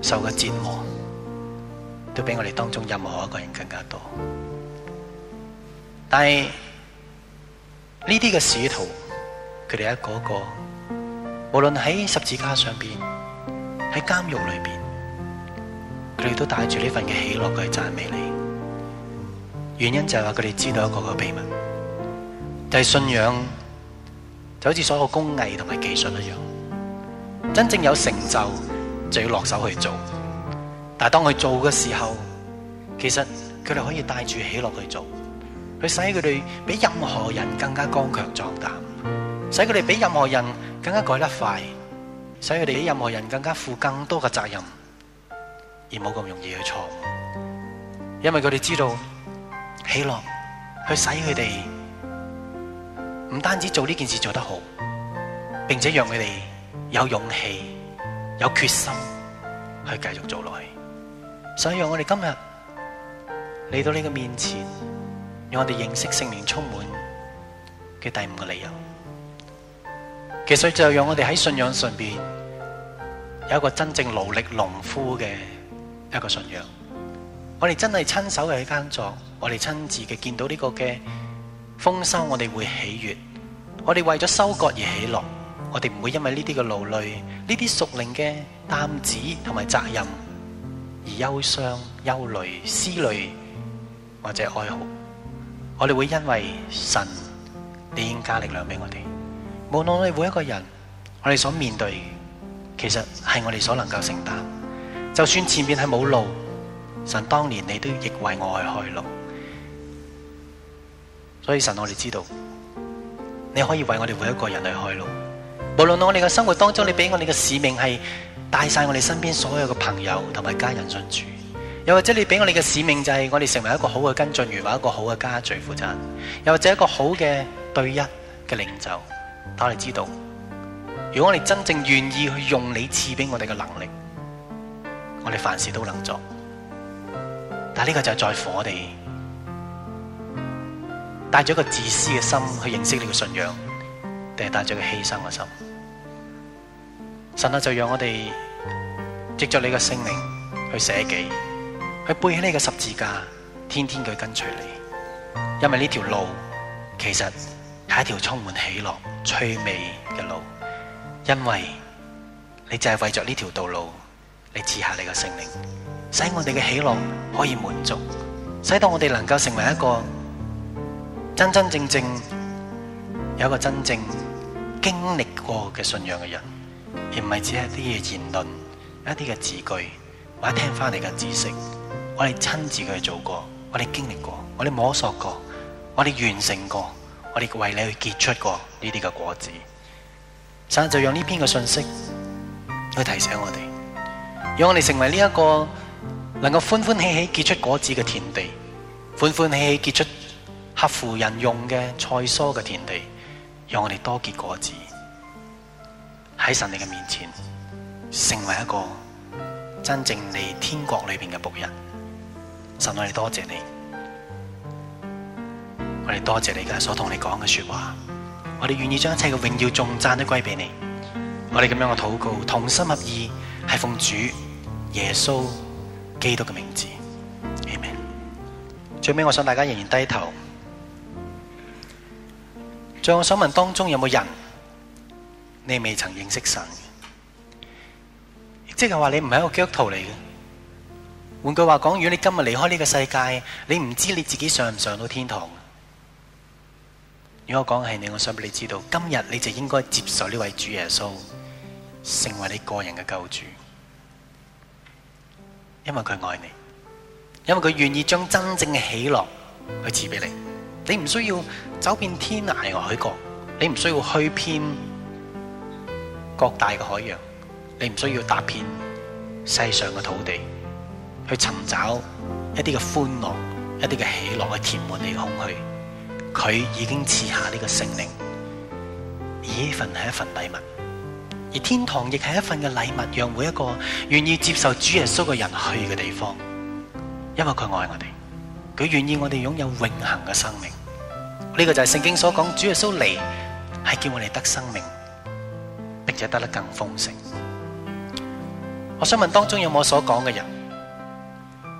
受嘅折磨，都比我哋當中任何一個人更加多。但係呢啲嘅使徒，佢哋一個一個，無論喺十字架上面、喺監獄裏面，佢哋都帶住呢份嘅喜樂去讚美你。原因就係話佢哋知道一個一個秘密，就係信仰，就好似所有的工藝同埋技術一樣。真正有成就就要落手去做，但係當佢做嘅時候，其實佢哋可以帶住喜樂去做，去使佢哋比任何人更加剛強壯膽，使佢哋比任何人更加改得快，使佢哋比任何人更加負更多嘅責任，而冇咁容易去錯，因為佢哋知道喜樂去使佢哋唔單止做呢件事做得好，並且讓佢哋。有勇氣、有決心去繼續做落去，所以讓我哋今日嚟到你嘅面前，讓我哋認識聖靈充滿嘅第五個理由。其實就讓我哋喺信仰上邊有一個真正勞力農夫嘅一個信仰。我哋真係親手嘅耕作，我哋親自嘅見到呢個嘅豐收，我哋會喜悅，我哋為咗收割而喜樂。我哋唔會因為呢啲嘅勞累、呢啲屬靈嘅擔子同埋責任而憂傷、憂慮、思慮、慮或者哀哭。我哋會因為神，你加力量俾我哋。無論我哋每一個人，我哋所面對，其實係我哋所能夠承擔。就算前面係冇路，神當年你都亦為我去開路。所以神，我哋知道，你可以為我哋每一個人去開路。無論我哋嘅生活當中，你俾我哋嘅使命係帶晒我哋身邊所有嘅朋友同埋家人信主，又或者你俾我哋嘅使命就係我哋成為一個好嘅跟進員，或者一個好嘅家聚負責人，又或者一個好嘅對一嘅領袖。但我哋知道，如果我哋真正願意去用你賜俾我哋嘅能力，我哋凡事都能做。但呢個就係在乎我哋，帶住一個自私嘅心去認識你嘅信仰。定係帶咗個犧牲嘅心，神啊，就讓我哋藉着你嘅聖靈去捨己，去背起你嘅十字架，天天佢跟隨你，因為呢條路其實係一條充滿喜樂、趣味嘅路，因為你就係為着呢條道路你賜下你嘅聖靈，使我哋嘅喜樂可以滿足，使到我哋能夠成為一個真真正正有一個真正。經歷過嘅信仰嘅人，而唔係只係一啲言論、一啲嘅字句，或者聽翻你嘅知識，我哋親自去做過，我哋經歷過，我哋摸索過，我哋完成過，我哋為你去結出過呢啲嘅果子。神就用呢篇嘅信息去提醒我哋，讓我哋成為呢一個能夠歡歡喜喜結出果子嘅田地，歡歡喜喜結出合乎人用嘅菜蔬嘅田地。讓我哋多結果子，喺神你嘅面前，成為一個真正你天國裏面嘅僕人。神，我哋多謝你，我哋多謝你今日所同你講嘅說話，我哋願意將一切嘅榮耀重讚都歸畀你。我哋咁樣嘅禱告，同心合意，係奉主耶穌基督嘅名字，阿門。最尾我想大家仍然低頭，在我所問當中，有冇人你未曾認識神？即係話你唔係一個基督徒嚟嘅。換句話講，如果你今日離開呢個世界，你唔知你自己上唔上到天堂。如果我講係你，我想俾你知道，今日你就應該接受呢位主耶穌，成為你個人嘅救主，因為佢愛你，因為佢願意將真正嘅喜樂去賜俾你，你唔需要。走遍天涯海角，你唔需要去遍各大嘅海洋，你唔需要踏遍世上嘅土地，去尋找一啲嘅歡樂、一啲嘅喜樂去填滿你嘅空虛。佢已經賜下呢個聖靈，而呢份係一份禮物，而天堂亦係一份嘅禮物，讓每一個願意接受主耶穌嘅人去嘅地方，因為佢愛我哋，佢願意我哋擁有永恆嘅生命。呢個就係聖經所講，主耶穌嚟，係叫我哋得生命，並且得得更豐盛。我想問當中有冇所講嘅人？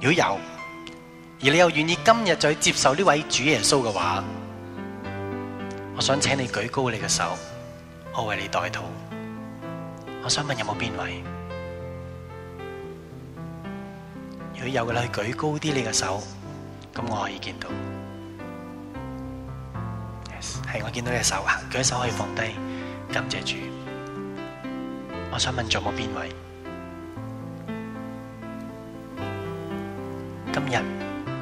如果有，而你又願意今日就去接受呢位主耶穌嘅話，我想請你舉高你嘅手，我為你代禱。我想問有冇邊位？如果有嘅你去舉高啲你嘅手，咁我可以見到。係我見到你嘅手，舉手可以放低，感謝主。我想問仲有冇邊位？今日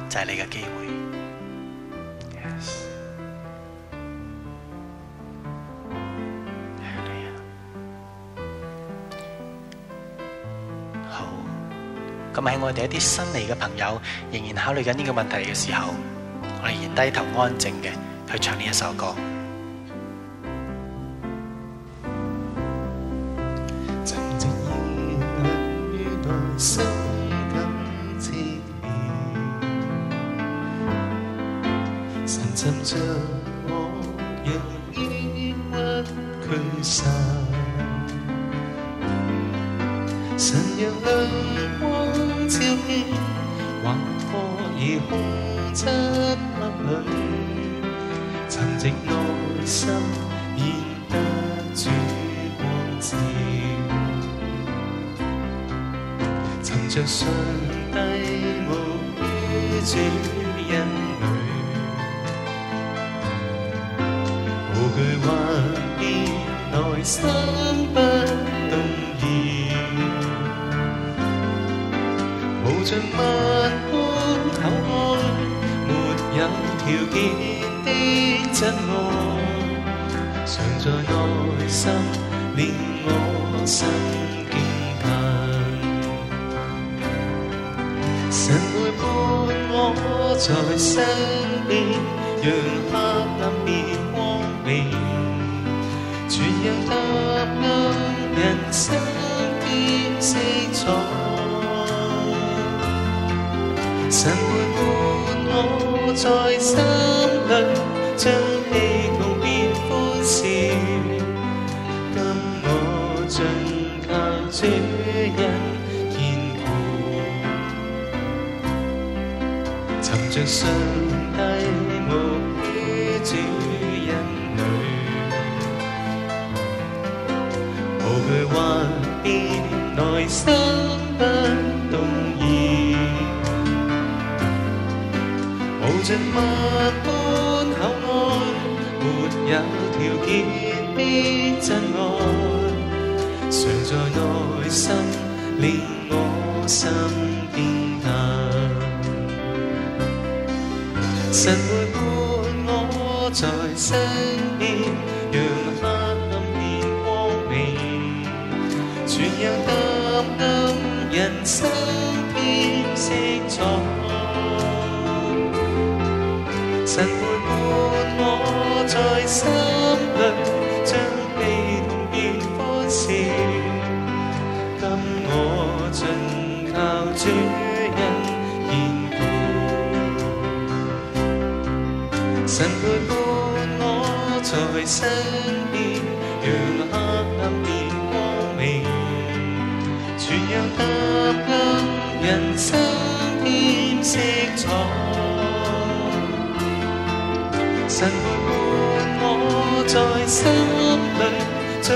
就係你嘅機會。係你啊！好，咁喺我哋一啲新嚟嘅朋友仍然考慮緊呢個問題嘅時候，我哋仍然低頭安靜嘅。唱呢一首歌。令我心驚怕，神陪伴我在身邊。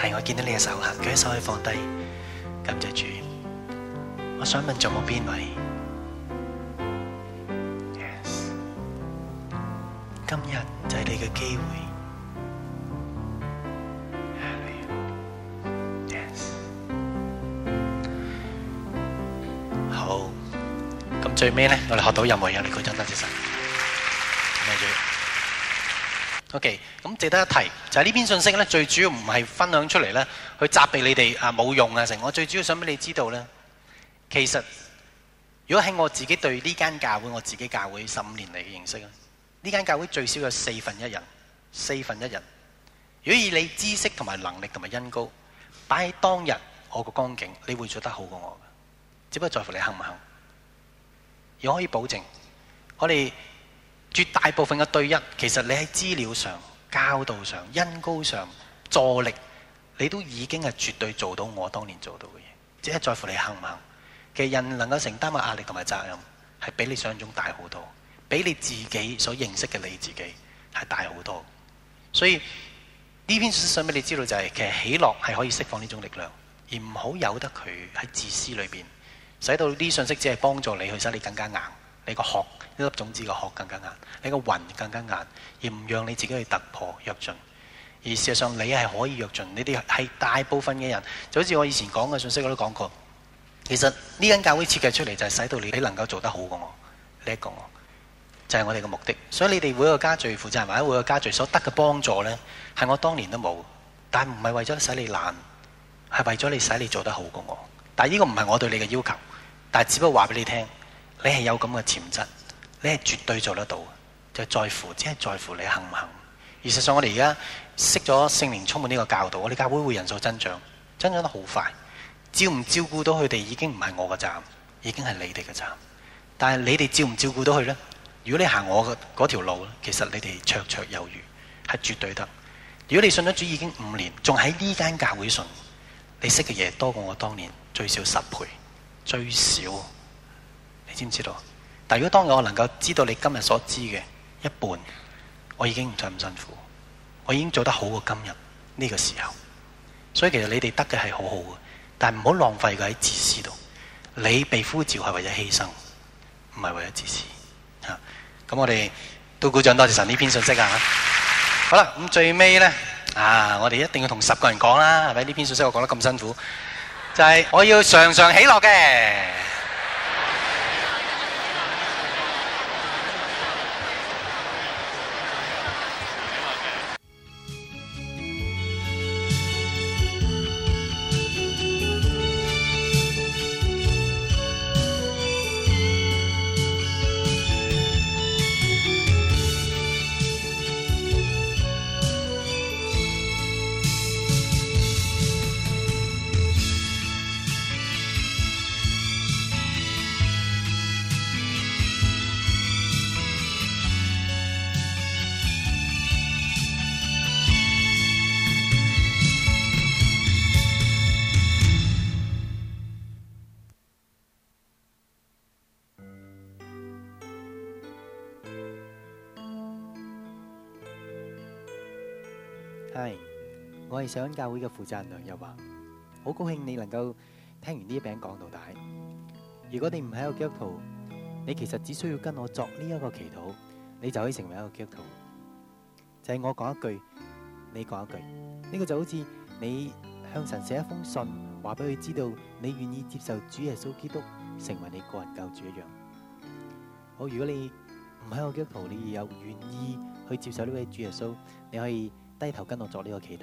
係我見到你嘅手行，佢嘅手可以放低，感謝主。我想問仲有冇邊位？Yes，今日就係你嘅機會。好，咁最尾呢，我哋學到任何嘢，你講真，多謝晒！OK，咁值得一提就係呢篇信息咧，最主要唔係分享出嚟咧，去責備你哋啊冇用啊成。我最主要想俾你知道咧，其實如果喺我自己對呢間教會，我自己教會十五年嚟嘅認識咧，呢間教會最少有四分一人，四分一人。如果以你知識同埋能力同埋恩膏擺喺當日我個光景，你會做得好過我嘅，只不過在乎你肯唔肯。我可以保證，我哋。絕大部分嘅對一，其實你喺資料上、教導上、恩膏上、助力，你都已經係絕對做到我當年做到嘅嘢。只係在乎你肯唔肯，其實人能夠承擔嘅壓力同埋責任，係比你想象中大好多，比你自己所認識嘅你自己係大好多。所以呢篇資訊俾你知道就係、是，其實喜樂係可以釋放呢種力量，而唔好由得佢喺自私裏邊，使到啲信息只係幫助你去使你更加硬，你個殼。一粒種子嘅殼更加硬，你個魂更加硬，而唔讓你自己去突破、躍進。而事實上你，你係可以躍進。你哋係大部分嘅人，就好似我以前講嘅信息，我都講過。其實呢間教會設計出嚟就係使到你能夠做得好過我，呢一個我就係我哋嘅目的。所以你哋每個家聚負責人或者每個家聚所得嘅幫助呢，係我當年都冇，但唔係為咗使你懶，係為咗你使你做得好過我。但係呢個唔係我對你嘅要求，但係只不過話俾你聽，你係有咁嘅潛質。你係絕對做得到就係、是、在乎，只、就、係、是、在乎你行唔行。而實上我，我哋而家識咗聖靈充滿呢個教導，我哋教會會人數增長，增長得好快。照唔照顧到佢哋已經唔係我嘅站，已經係你哋嘅站。但係你哋照唔照顧到佢呢？如果你行我嘅嗰條路，其實你哋綽綽有餘，係絕對得。如果你信咗主已經五年，仲喺呢間教會信，你識嘅嘢多過我當年最少十倍，最少，你知唔知道？但如果當我能夠知道你今日所知嘅一半，我已經唔再咁辛苦，我已經做得好過今日呢、呢個時候。所以其實你哋得嘅係好好嘅，但係唔好浪費佢喺自私度。你被呼召係為咗犧牲，唔係為咗自私吓。咁、嗯、我哋都鼓掌多謝神呢篇信息啊！ 好啦，咁最尾呢，啊，我哋一定要同十個人講啦，係咪？呢篇信息我講得咁辛苦，就係、是、我要常常喜樂嘅。我係上教會嘅負責人，又話好高興你能夠聽完呢一餅講到大。如果你唔係一個基督徒，你其實只需要跟我作呢一個祈禱，你就可以成為一個基督徒。就係我講一句，你講一句，呢個就好似你向神寫一封信，話俾佢知道你願意接受主耶穌基督成為你個人救主一樣。好，如果你唔係一個基督徒，你又願意去接受呢位主耶穌，你可以低頭跟我作呢個祈禱。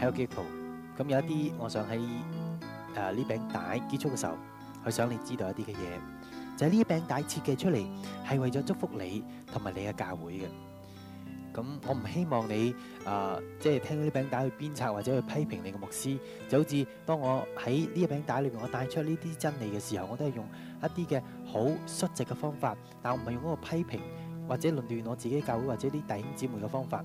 喺個結局，咁有一啲，我想喺誒呢餅帶結束嘅時候，去想你知道一啲嘅嘢，就係呢餅帶設計出嚟係為咗祝福你同埋你嘅教會嘅。咁我唔希望你誒，即係聽到呢餅帶去鞭策或者去批評你嘅牧師，就好似當我喺呢一餅帶裏面，我帶出呢啲真理嘅時候，我都係用一啲嘅好率直嘅方法，但我唔係用嗰個批評或者論斷我自己教會或者啲弟兄姊妹嘅方法。